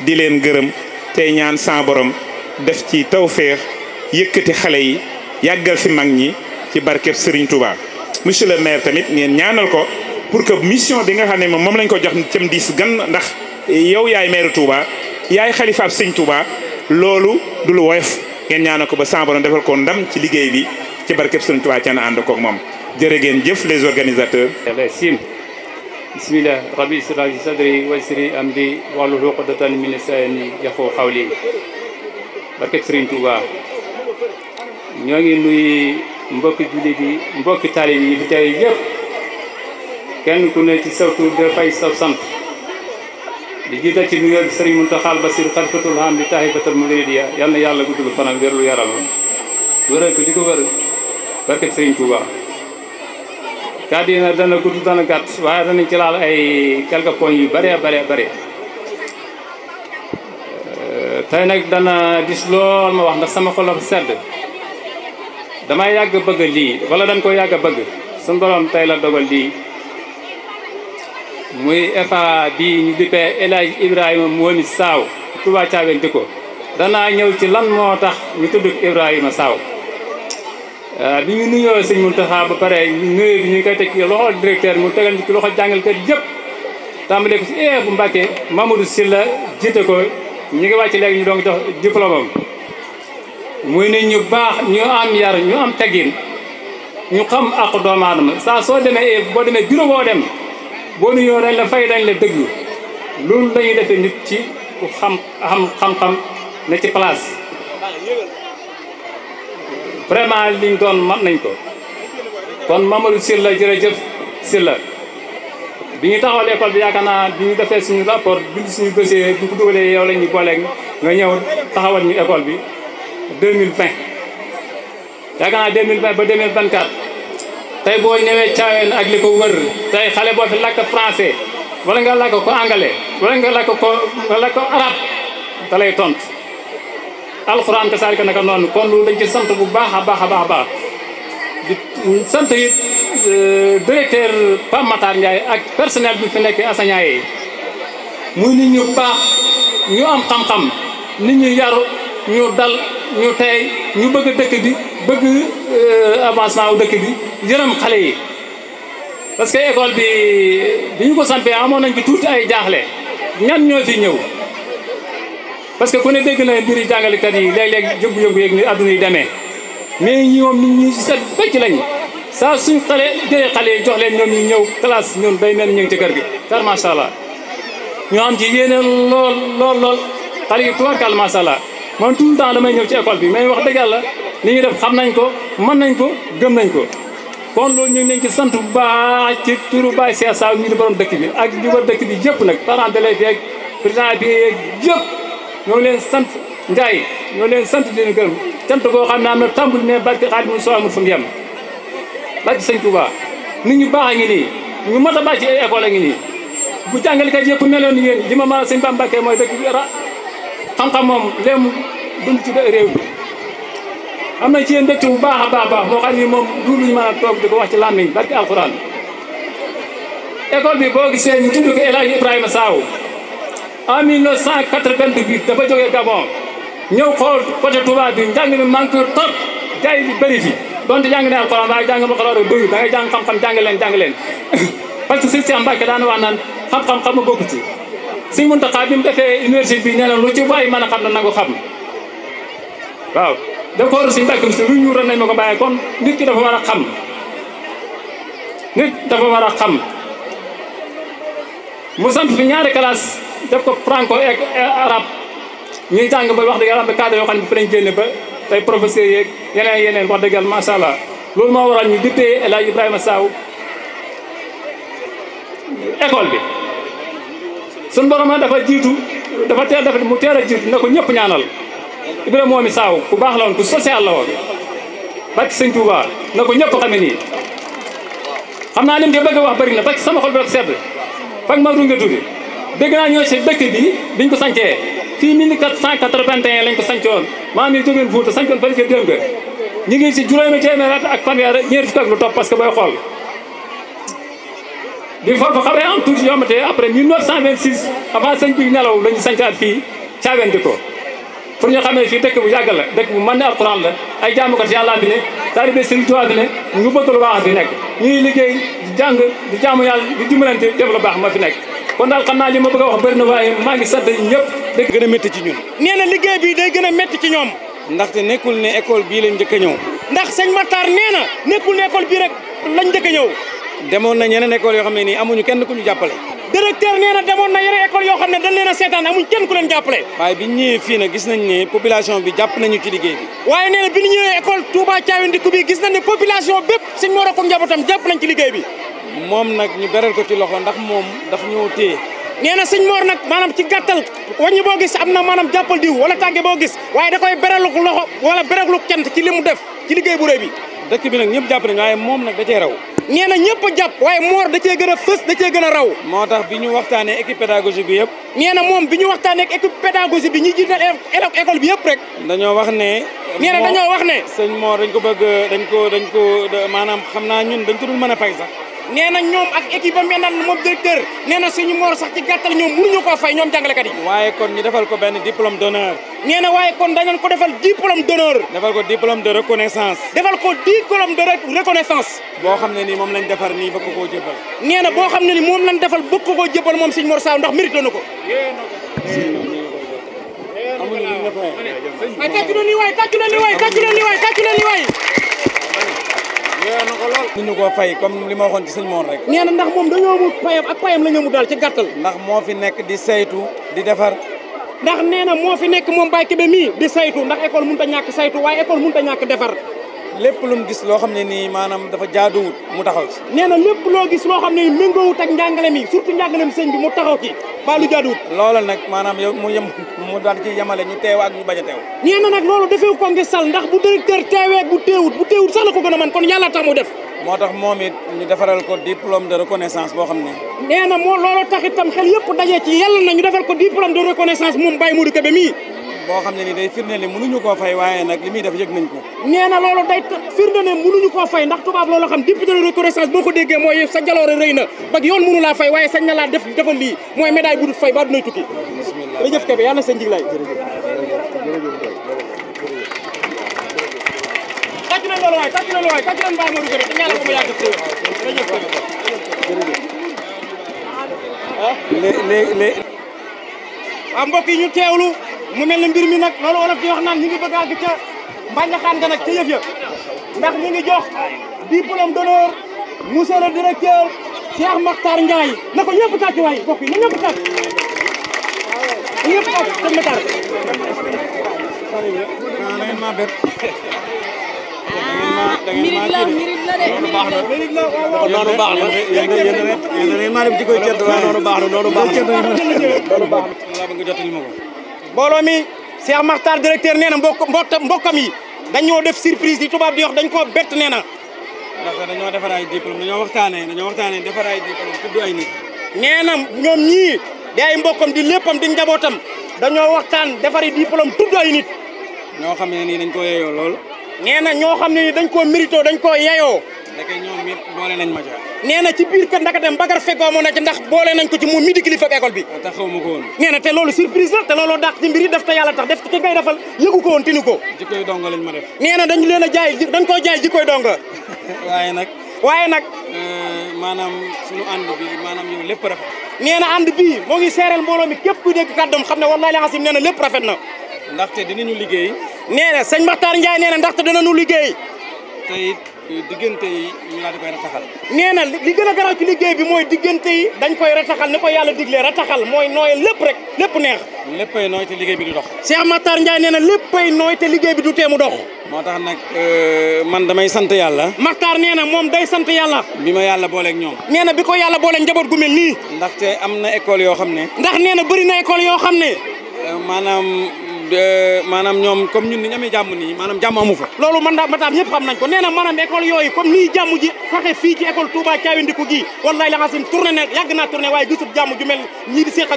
di leen gërëm tey ñaan sa borom def ci tawféex yëkkati xale yi yàggal fi mag ñi ci barkeb Serigne Touba monsieur le maire tamit ngeen ñaanal ko pour que mission bi nga xam ne moom lañ ko jox cëm diis gann ndax yow yaay maire Touba yaay xalifaab Serigne Touba loolu du lu woyof ngeen ñaanal ko ba sa borom defal ko ndam ci liggéey bi ci barkeb Sëriñ Tuubaa ca na ànd koog moom jërë ngeen jëf les organisateurs sim bismillah rabbi ishrah sadri wa yassir amri wahlul uqdatan min lisani yafqahu qawli barkeb Sëriñ Tuubaa ñoo ngi nuyu mbokki jullit yi mbokki taalib yi fi tey yëpp kenn ku ne ci saw tur dafay saw sant di jiital ci nuyoo bi sëriñ Muntaxa Basiir xalifatul am di taahibatul muriidiyya yal na yàlla guddul fanam wérlu yaram wéral ko di ko wër ba sëriñ Touba kàddu yi nag dana gudd dana gàtt waaye danañ ci laal ay quelques points yu bare bare bare euh, tey nag dana dis lool ma wax ndax sama xol dafa sedd damay yàgg bëgg lii wala dañ ko yàgg bëgg suñ borom tey la dogal lii muy EFA bi ñu dippee El Hadj Ibrahima Moni Sow Touba Thiawéne di ko danaa ñëw ci lan moo tax ñu tudd Ibrahima saaw waaw euh, bi ñu nuyoo sëñ Mountakha ba pare nuyoo bi ñu ngi koy teg ci loxo directeur mu tegal ci loxo jàngalkat yëpp tàmbalee ko si ee bu Mbàkke Mamadou silla jiite ko ñu ngi wàcc léegi ñu doon jox diplôme am muy ne ñu baax ñu am yar ñu am teggin ñu xam ak doomu aadama saa soo demee e, boo demee bureau dem boo nuyoo dañ la fay dañ la déglu loolu la ñuy defee nit ci xam xam xam-xam ne ci place vraiment liñ doon man nañ ko kon Mamadou Sylla jërëjëf Sylla bi ñu taxawal école bi yaakaar naa bi ñu defee suñu rapport bind suñu dossier bi ñu ko dugalee yow la ñuy booleeg nga ñëw taxawal ñu école bi 2020. yaakaar naa 2020 ba 2024 tey boo ñëwee Thiawéne ak li ko wër tey xale boo fi làkk français wala nga làkk ko anglais wala nga làkk ko nga làkk ko arabe da tontu. alxuraan kasaalika naka noonu kon loolu dañ ci sant bu baax a baax a baax a baax sant it euh, directeur Pape Matar ak personnel bi fi nekk enseignant yi muy nit ñu baax ñu am xam-xam nit ñu yaru ñu dal ñu tey ñu bëgg dëkk bi bëgg euh, avancement wu dëkk bi yërëm xale yi parce que école bi bi ñu ko sampee amoon nañ ci tuuti ay jaaxle ñan ñoo fi ñëw parce que ku ne dégg na mbiri jàngalekat yi léeg-léeg yëngu-yëngu yeeg ni adduna yi demee mais ñi moom nit ñi set bëcc lañ saa suñ xale jëlee xale yi jox leen ñoom ñu ñëw classe ñun day mel ñu ngi ci kër gi car macha allah ñoo am ci yéene lool lool lool xale yi tubarkal macha allah man tout le temps damay ñëw ci école bi mais wax dëgg yàlla li ñuy def xam nañ ko mën nañ ko gëm nañ ko kon loolu ñu ngi ci sant bu baax ci turu Baye Cheikh Saw ñu di borom dëkk bi ak ñu dëkk bi yëpp nag parents d'élèves yeeg ñoo leen sant njaay ñoo leen sant di leen gërëm sant boo xam ne am na tàmbali mais barke Xaadimu Rasuul amul fu mu yem barke Sëñ Tuubaa nit ñu baax ngi nii ñu mot a baax ci école a ngi nii bu meloon ni yéen li ma mën a sëñ Bamba Mbàkke mooy dëkk bi ra xam-xam moom léemu dund ci réew mi am na ci yéen dëkk baax a baax baax moo xam ni moom du luñu mën a toog di ko wax ci làmmiñ barke alxuraan école bi boo gisee ñu tudd ko El Hadj Saaw en 1988 dafa jógee Gabon ñëw xool côté Touba bi njàng mi manqué trop jaay bi bëri fi donte jàng ne alxuraan waaye jàng ma ko loolu bëri da ngay jàng xam-xam jàng leen leen parce que si Cheikh Mbacke daan wax naan xam-xam ma bokku ci Sëñ Muntaxa bi mu defee université bi nee na lu ci waay mën a xam na nangu xam waaw da kooru si Mbacke si lu ñu ran nañ ma ko bàyyee kon nit ki dafa war a xam dafa war a xam mu sant fi ñaari classe def ko franco ak arabe jàng ba wax dëgg yàlla am na cadre yoo xam ne bu lañ génne ba tey professeur yeeg yeneen yeneen wax dëgg yàlla macha allah loolu moo waral ñu dippee El Hadj Ibrahima Sow école bi suñu borom dafa jiitu dafa teer dafa mu teer a jiitu ne ko ñëpp ñaanal Ibrahima moom saaw Sow ku baax la woon ku social la woon bàcc sëñ Touba na ko ñëpp xame nii xam naa lim di bëgg wax bëri na bàcc sama xol bi rek sedd fag ma runge tuuti dégg naa ñoo si dëkk bi biñ ko sancee fii 1481 lañ ko sancoon maam yi jógeen Fuuta sancoon fële ca démb ñu ngi si juróomi téeméer at ak fanweer ñeent fukk ak lu topp parce que booy xool bi foofu xawee am tuuti yombatee après 1926 avant sëñ bi nelaw lañu fii caawen di ko pour ñu xamee fii dëkk bu yàgg la dëkk bu mën ne alxuraan la ay jaamukat yàlla bi ne taalibe sëriñ Tuubaa bi ne ñu bëgg lu baax fi nekk ñuy liggéey di jàng di jaamu yàlla di dimbalante def lu baax ma fi nekk kon daal xam naa li ma bëgg a wax bëri na waaye maa ngi sant ñëpp day gën a métti ci ñun nee na liggéey bi day gën a métti ci ñoom ndaxte nekkul ne école bii lañ njëkk a ñëw ndax sëñ Matar nee na nekkul ne école bii rek lañ njëkk a ñëw demoon na ñeneen école yoo xam ne nii amuñu kenn ku ñu jàppale directeur nee na demoon na yeneen école yoo xam ne dañ leen a seetaan amuñ kenn ku leen jàppale waaye bi ñu fii nag gis nañ ne population bi jàpp nañu ci liggéey bi waaye nee gis nañ ne population bépp sëñ Mor ak njabootam bi moom nag ñu beral ko ci loxo ndax moom daf ñoo téye. nee na sëñ Mor nag maanaam ci gàttal wàññi boo gis am na maanaam jàppal diw wala tàgge boo gis waaye da koy beral ko loxo wala beral ko cant ci li mu def ci liggéey bu rëy bi. dëkk bi nag ñëpp jàpp nañu waaye moom nag da cee raw. nee na ñëpp a jàpp waaye Mor da cee gën a fës da cee gën a raw. moo tax bi ñu waxtaanee équipe pédagogique bi yëpp. nee na moom bi ñu waxtaanee ak équipe pédagogique bi ñi jiital école bi yëpp rek. dañoo wax ne. nee na dañoo wax ne. sëñ Mor dañ ko bëgg dañ ko dañ ko maanaam xam naa ñun dañ ko dul mën a fay nee na ñoom ak équipe ba mel moom directeur nee na sax ci gàttal ñoom mënuñu koo fay ñoom jàngalekat yi. waaye kon ñu defal ko benn diplôme d'honneur. nee waaye kon dañu ko defal diplôme d'honneur. defal ko diplôme de reconnaissance. defal ko diplôme de reconnaissance. boo xam ne nii moom lañ defar nii bëgg koo jëbal. nee boo xam ne nii moom lañ defal bëgg koo jëbal moom suñu moor ndax mérite ko. amuñu li ñu la fay. waaye tàcc na ni waay tàcc na ni waay tàcc na ni waay tàcc na ni yee na ko lool mënuñu koo fay comme li ma waxoon ci sëñ moon rek nee ndax moom dañoo mu payam ak payam la ñëmu daal ci gàttal ndax moo fi nekk di saytu di defar ndax nee na moo fi nekk moom Baye Kébé mii di saytu ndax école mënut a ñàkk saytu waaye école mënut a ñàkk defar lépp lu mu gis loo xam ne nii maanaam dafa jaaduwut mu taxaw ci. na lépp loo gis loo xam ne nii méngoowut ak njàngale mi surtout njàngalem sëñ bi mu taxaw ci ba lu jaaduwut. loola nag maanaam yow mu yem mu daal ci yemale ñu teew ak ñu bañ nee na nag loolu defewu ko ngir sal ndax bu directeur teewee bu teewut bu teewut sax la ko gën a man kon yàlla tax mu def. moo tax moom it ñu defaral ko diplôme de reconnaissance boo xam ne. nee na moo looloo tax itam boo xam ne ni day firnde ne mënuñu koo fay waaye nag li muy def yëg nañ ko nee loolu day firnde ne mënuñu koo fay ndax tubaab loolu xam député de reconnaissance boo ko déggee mooy sa jaloore rëy na ba yoon mënu laa fay waaye sañ na def defal lii mooy médaille bu dul fay ba dunay tukki jërëjëf Kébé yàlla na sa njiglaay tàcc nañ loolu waay tàcc nañ loolu waay tàcc nañ Mbaye Modou Kébé te ñaanal ko mu yàgg fi jërëjëf Kébé léegi léegi waaw mbokk yi ñu teewlu mu mel ne mbir mi nag loolu wolof di wax naan ñu ngi bëgg a àgg ca mbànjaxaan nga nag ca yëf ya ndax ñu ngi jox diplôme d'honneur monsieur le directeur Cheikh Makhtar Ndiaye na ko ñëpp tàcc waay bokk yi na ñëpp tàcc ñëpp tàcc sëñ Makhtar dangeen maa bett mérite la mérite la de mérite la noonu baax na yéen da ngeen maa dem ci koy cër noonu baax na noonu baax na noonu baax na mbooloo mi Cheikh Makhtar directeur nee na mbokk mbokkam yi dañoo def surprise yi tubaab di wax dañ koo bett nee na. ndax dañoo defar ay diplôme dañoo waxtaanee dañoo waxtaanee defar ay diplôme tudd ay nit. nee na ñoom ñii di ay mbokkam di léppam di njabootam dañoo waxtaan defari diplôme tudd ay nit. ñoo xam ne nii dañ koo yeyoo lool. nee na ñoo xam ne nii dañ koo mérito dañ koo yeyoo. ndeke ñoom it boole nañ ma jox. nee na ci biir kër dem mbagar fekkoo mu ne ci ndax boole nañ ko ci mu midi kilifa école bi taxaw ma ko woon nee na te loolu surprise la te looloo dàq ci mbir yi def te yàlla tax def ki defal yëgu ko woon tinu ko jikkoy donga lañ ma def nee dañu leen a jaay dañ koo jaay jikkoy donga waaye nag waaye nag euh, maanaam sunu ànd bi maanaam yow lépp rafet nee na ànd bii moo ngi seereel mbooloo mi képp ku dekk kàddoom xam ne wallahi laxasim nee na lépp rafet na ndaxte dinañu liggéey nee na sëñ Maxtaar Njaay nee na ndaxte dinañu liggéey diggante yi ñu daal di koy rataxal. nee na li gën a garaaw ci liggéey bi mooy diggante yi dañ koy rataxal ni ko yàlla diglee rataxal mooy nooyal lépp rek lépp neex. léppay nooy te liggéey bi du dox. Cheikh Matar Ndiaye nee léppay nooy te liggéey bi du teemu dox. moo tax nag euh, man damay sant yàlla. Matar nee moom day sant yàlla. bi ma yàlla booleeg ñoom. nee bi ko yàlla booleeg njaboot gu nii. ndaxte am na école yoo xam ne. ndax nee na na école maanaam ñoom comme ñun ni ñu amee jàmm maanaam jàmm amu fa loolu man daa mataar nañ ko nee maanaam école yooyu comme nii jàmm ji faxe fii ci école Touba Thiawindickou gii wallaay la xasim tourné ne yàgg naa tourné waaye gisub jàmm ju mel ñii di seeq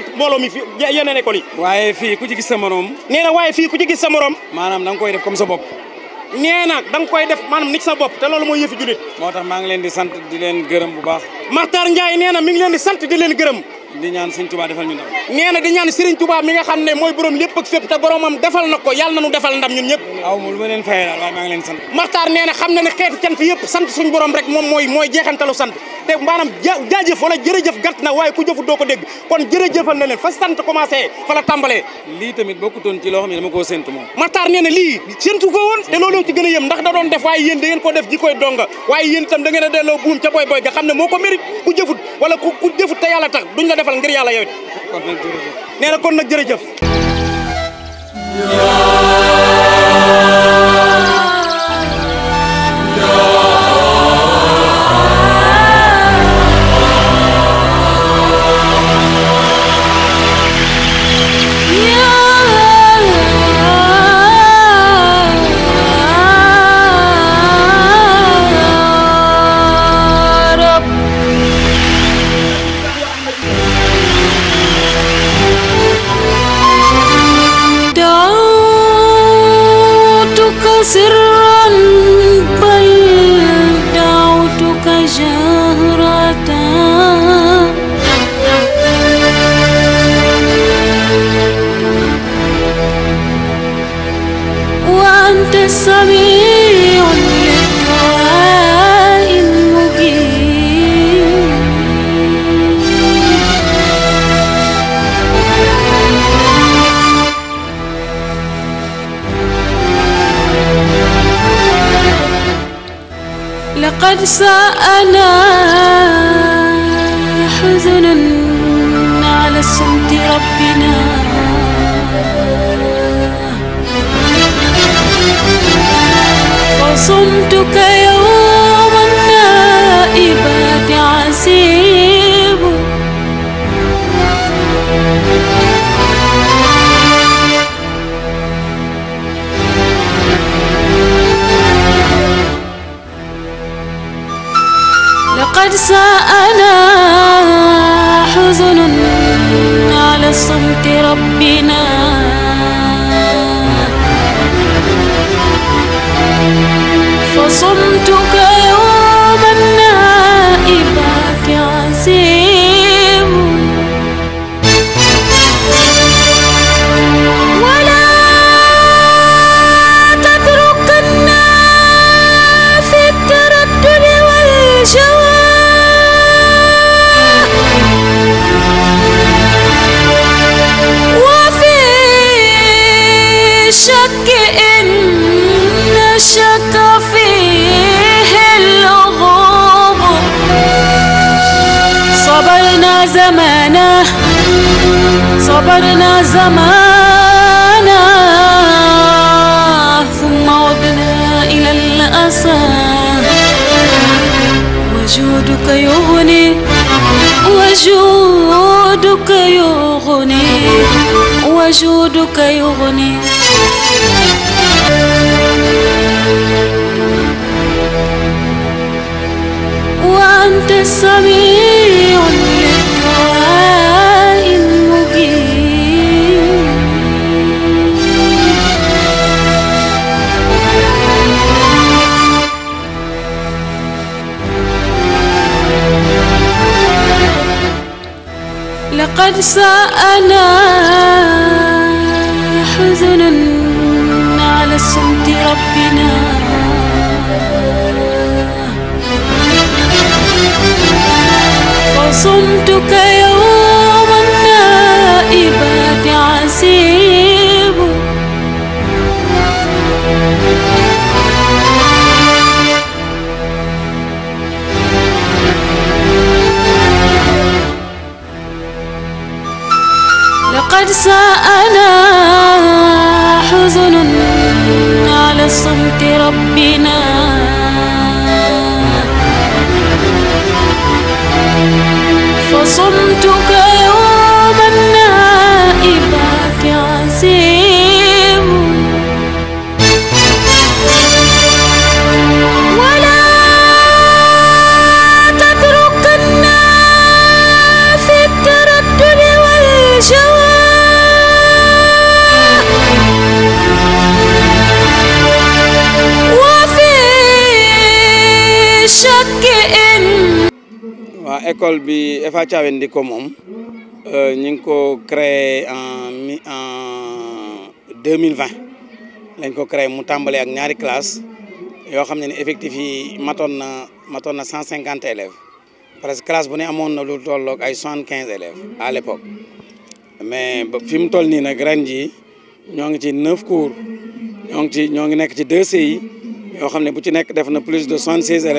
fi yeneen école waaye fii ku ci gis sa morom nee na waaye fii ku ci gis sa morom maanaam da nga koy def comme sa bopp nee na da nga koy def maanaam nit sa bopp te loolu mooy yëfi julit moo tax maa ngi leen di sant di leen gërëm bu baax Makhtar ngi leen di sant leen gërëm di ñaan Serigne Touba mi nga xam ne mooy borom lépp ak fépp te defal na ko yàlla na nu defal ndam ñun ñëpp. waaw lu ma leen fayee daal waaye maa ngi leen Maxtaar nee na xam na sant suñu borom rek moom mooy mooy jeexantalu sant te maanaam jaajëf wala jërëjëf gàtt na waaye ku jëfu doo ko dégg kon jërëjëfal na leen fa sant commencé fa la tàmbalee. lii tamit bokkutoon ci loo xam dama koo séntu moom. Maxtaar nee lii séntu ko woon te looloo ci gën a yëm ndax da doon def waaye yéen da ko def ji defal ngir yàlla yow it nee na kon nag jërëjëf قد سأنا حزنا على صمت ربنا فصمتك يا ساءنا حزن على صمت ربنا صبرنا زمانه صبرنا زمانه ثم عدنا إلى الأسى وجودك يغني وجودك يغني وجودك يغني وأنت السميع قد سأنا حزن على صمت ربنا فصمتك يا قد سأنا حزن على صمت ربنا فصمت école bi Efa Thiawen di ko moom euh, ñu ngi ko créé en mi en deux mille vingt lañ ko créé mu tàmbale ak ñaari classe yoo xam ne ne effectif yi matoon na matoon na cent cinquante élèves parce que bu ne amoon na lu tolloog ay soixante quinze élèves à l'époque mais fi mu toll nii nag ren jii ñoo ngi ci neuf cours ñoo ngi ci ñoo ngi nekk ci deux yoo xam ne bu ci nekk def na plus de soixante seize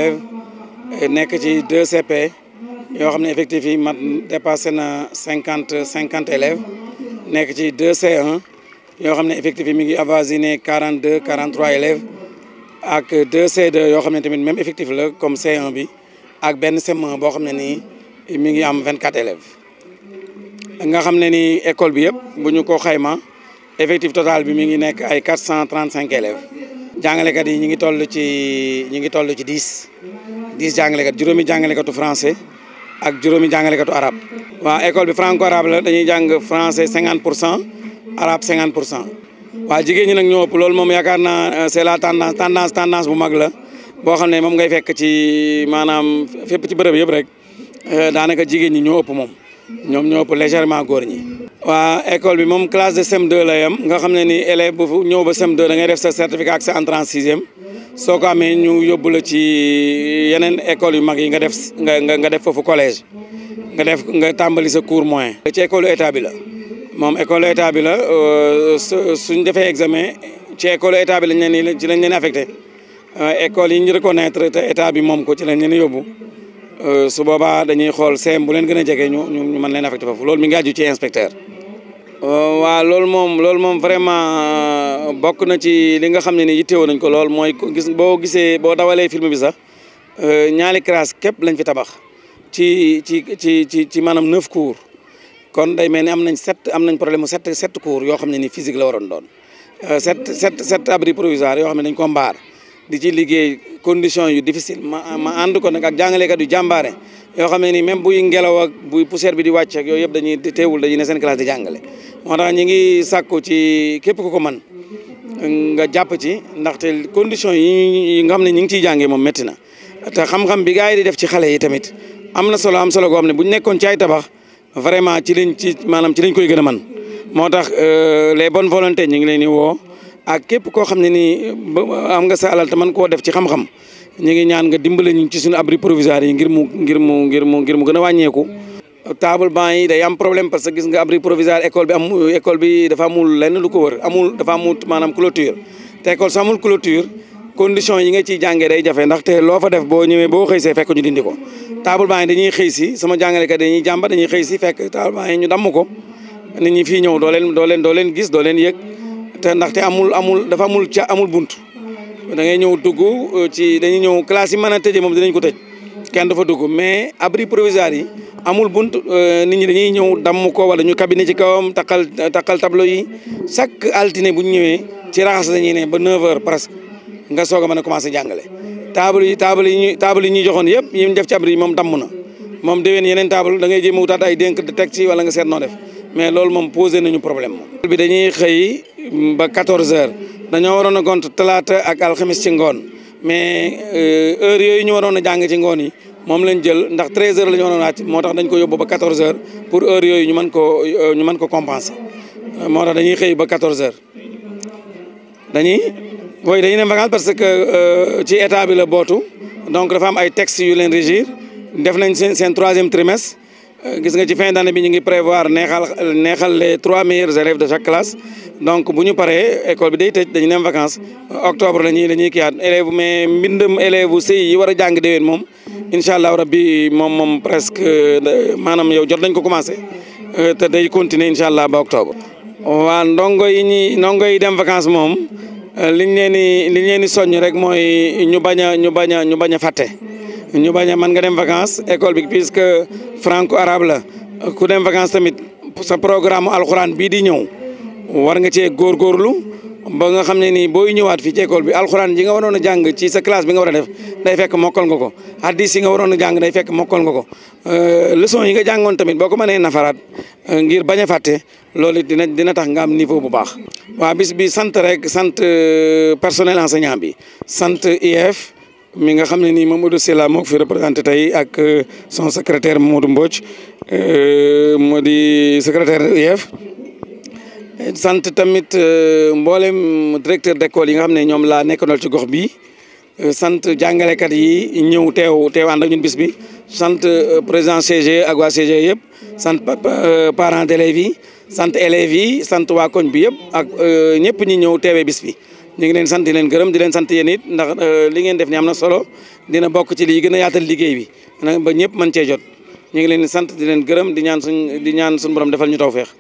nekk ci deux CP. yoo xam ne effectif yi mat dépassé na cinquante cinquante élèves nekk ci deux C1 yoo xam ne effectif yi mi ngi avoisiné quarante deux quarante trois élèves ak deux c yoo xam ne tamit même effective la comme c bi ak benn cm boo xam ne nii mi ngi am vingt quatre élèves. nga xam ne ni école bi yëpp bu ñu ko xayma effectif total bi mi ngi nekk ay quatre cent trente cinq élèves jàngalekat yi ñu ngi toll ci ñu ngi toll ci dix dix jàngalekat juróomi jàngalekatu français. ak juróomi jàngalekatu arabe. waa école bi franco arabe la dañuy jàng français cinquante pour cent arabe cinquante pour cent waa jigéen ñi nag ñoo ëpp loolu moom yaakaar naa euh, c'est la tendance tendance tendance bu mag la boo xam ne moom ngay fekk ci maanaam fépp ci bërëb yëpp rek euh, daanaka jigéen ñi ñoo ëpp moom ñoom ñoo ëpp légèrement góor ñi. waa école bi moom classe de CM2 nga xam ne ni élève bu ñëw ba CM2 da ngay def sa certificat ak sa entrée en soo ko amee ñu yóbbu la ci yeneen école yu mag yi nga def nga nga def foofu collège nga def nga tàmbali sa cours moyen. ci école état bi la moom école état bi la euh, suñ defee examen ci école état bi lañ leen di ci lañ leen affecté euh, école yi ñu reconnaître te état bi moom ko ci lañ leen yóbbu euh, su boobaa dañuy xool CEM bu leen gën a jege ñu ñu mën leen affecté foofu loolu mi ngi aju ci inspecteur. Euh, waaw loolu moom loolu moom vraiment euh, bokk na ci li nga xam ne ni yittewoo nañ ko lool mooy gis boo gisee boo dawalee film bi sax euh, ñaari classe képp lañ fi tabax ci ci ci ci ci maanaam neuf cours kon day mel ni am nañ sept am nañ problème mu sept sept cours yoo xam ne ni physique la waroon doon sept sept sept abri provisoire yoo xam ne dañ ko mbaar di ci liggéey condition yu difficile ma ma ànd ko nag ak jàngalekat yu jàmbaare yoo xam ne ni même buy ngelaw ak buy poussière bi di wàcc yooyu yëpp dañuy teewul dañuy ne seen classe di jàngale. moo tax ñu ngi sàkku ci képp ku ko man nga jàpp ci ndaxte condition yi nga xam ne ñu ngi ciy jàngee moom métti na te xam-xam bi gars yi di def ci xale yi tamit am na solo am solo goo xam ne bu ñu nekkoon ci ay tabax vraiment ci lañ ci maanaam ci lañ koy gën a man moo tax euh, les bonnes volontés ñu ngi leen di woo ak képp koo xam ne nii am nga sa alal te mën koo def ci xam-xam. ñu ngi ñaan nga dimbale ñu ci suñu abri provisoire yi ngir mu ngir mu ngir mu ngir mu gën a wàññeeku table banc yi day am problème parce que gis nga abri provisoire école bi am école bi dafa amul lenn lu ko wër amul dafa amul maanaam clôture te école su amul clôture condition yi nga ciy jàngee day jafe ndaxte loo fa def boo ñëwee boo xëy see fekk ñu dindi ko table banc yi dañuy xëy si sama jàngalekat dañuy jàmba dañuy xëy si fekk table banc ñu damm ko nit ñi fii ñëw doo doo leen doo leen gis doo leen te ndaxte amul amul dafa amul ca amul bunt da ngay ñëw dugg euh, ci dañuy ñëw classe yi mën a tëjee moom dinañ ko tëj kenn dafa dugg mais abri provisoire yi amul bunt euh, nit ñi dañuy ñëw damm ko wala ñu cabinet ci kawam takkal takkal tableau yi chaque altine bu ñu ñëwee ci raxas la ñuy ne ba 9h presque nga soog a mën a commencé jàngale. table yi table yi ñuy table yi ñuy joxoon yëpp yi ñu def ci abri moom damm na moom déwén yeneen table da ngay jéem a wutaat ay dénk de teg ci wala nga seet noo def. mais loolu moom posé nañu problème moom. bi dañuy xëy ba 14h dañoo waroon a gont talaata ak alxamis ci ngoon mais euh, heure yooyu ñu waroon a jàng ci ngoon yi moom lañ jël ndax 13h la ñu waroon moo tax dañ ko yóbbu ba 14h pour heure yooyu ñu mën ko euh, ñu mën ko compenser moo dañuy xëy ba 14h dañuy booy dañuy ne vacances parce que euh, ci état bi la bootu donc dafa am ay textes yu leen régir def nañ seen seen troisième trimestre. gis nga ci fin d'année bi ñu ngi prévoir neexal neexal les trois meilleurs élèves de chaque classe donc bu ñu paree école bi day tëj dañu dem vacances octobre la ñuy la ñuy kiyaat élèves mais mbindum élèves si yi war a jàng déwén moom incha allah rabbi moom moom presque euh, maanaam yow jot nañ ko commencé euh, te day continuer incha allah ba octobre. waa ndongo yi ñi ndongo yi dem vacances moom euh, liñ leen di liñ leen di soññ rek mooy ñu bañ a ñu bañ a ñu bañ a fàtte. ñu bañ man nga dem vacances école bi puisque franco arabe la ku dem vacances tamit sa programme alxuraan bii di ñëw war nga cee góorgóorlu ba nga xam ne nii booy ñëwaat fii ci école bi alxuraan ji nga waroon a jàng ci sa classe bi nga war a def day fekk mokkal nga ko hadis yi nga waroon a jàng day fekk mokkal nga ko euh, leçon yi nga jàngoon tamit boo ko manee nafaraat euh, ngir bañ a fàtte loolu it dina tax nga am niveau bu baax. waa bis bi sant rek sant euh, personnel enseignant bi sant IEF. mi nga xam ne nii Mamadou Sylla moo fi représenté tey ak euh, son secrétaire Mamadou Mbodj euh, moo di secrétaire UF sant tamit euh, mboolem directeur d'école yi nga xam ne ñoom laa nekkandool ci gox bi sant jàngalekat yi ñëw teew teew ànd ak ñun bis bi sant président CG ak CG yëpp sant parents d'élèves yi sant élèves yi sant waa koñ bi yëpp ak ñëpp ñi ñëw teewe bis ñu ngi leen sant di leen gërëm di leen sant yéen it ndax euh, li ngeen def ni am na solo dina bokk ci lii gën a yaatal liggéey bi nag ba ñëpp mën cee jot ñu ngi leen di sant di leen gërëm di ñaan suñ di ñaan suñu borom defal ñu taw tawfeex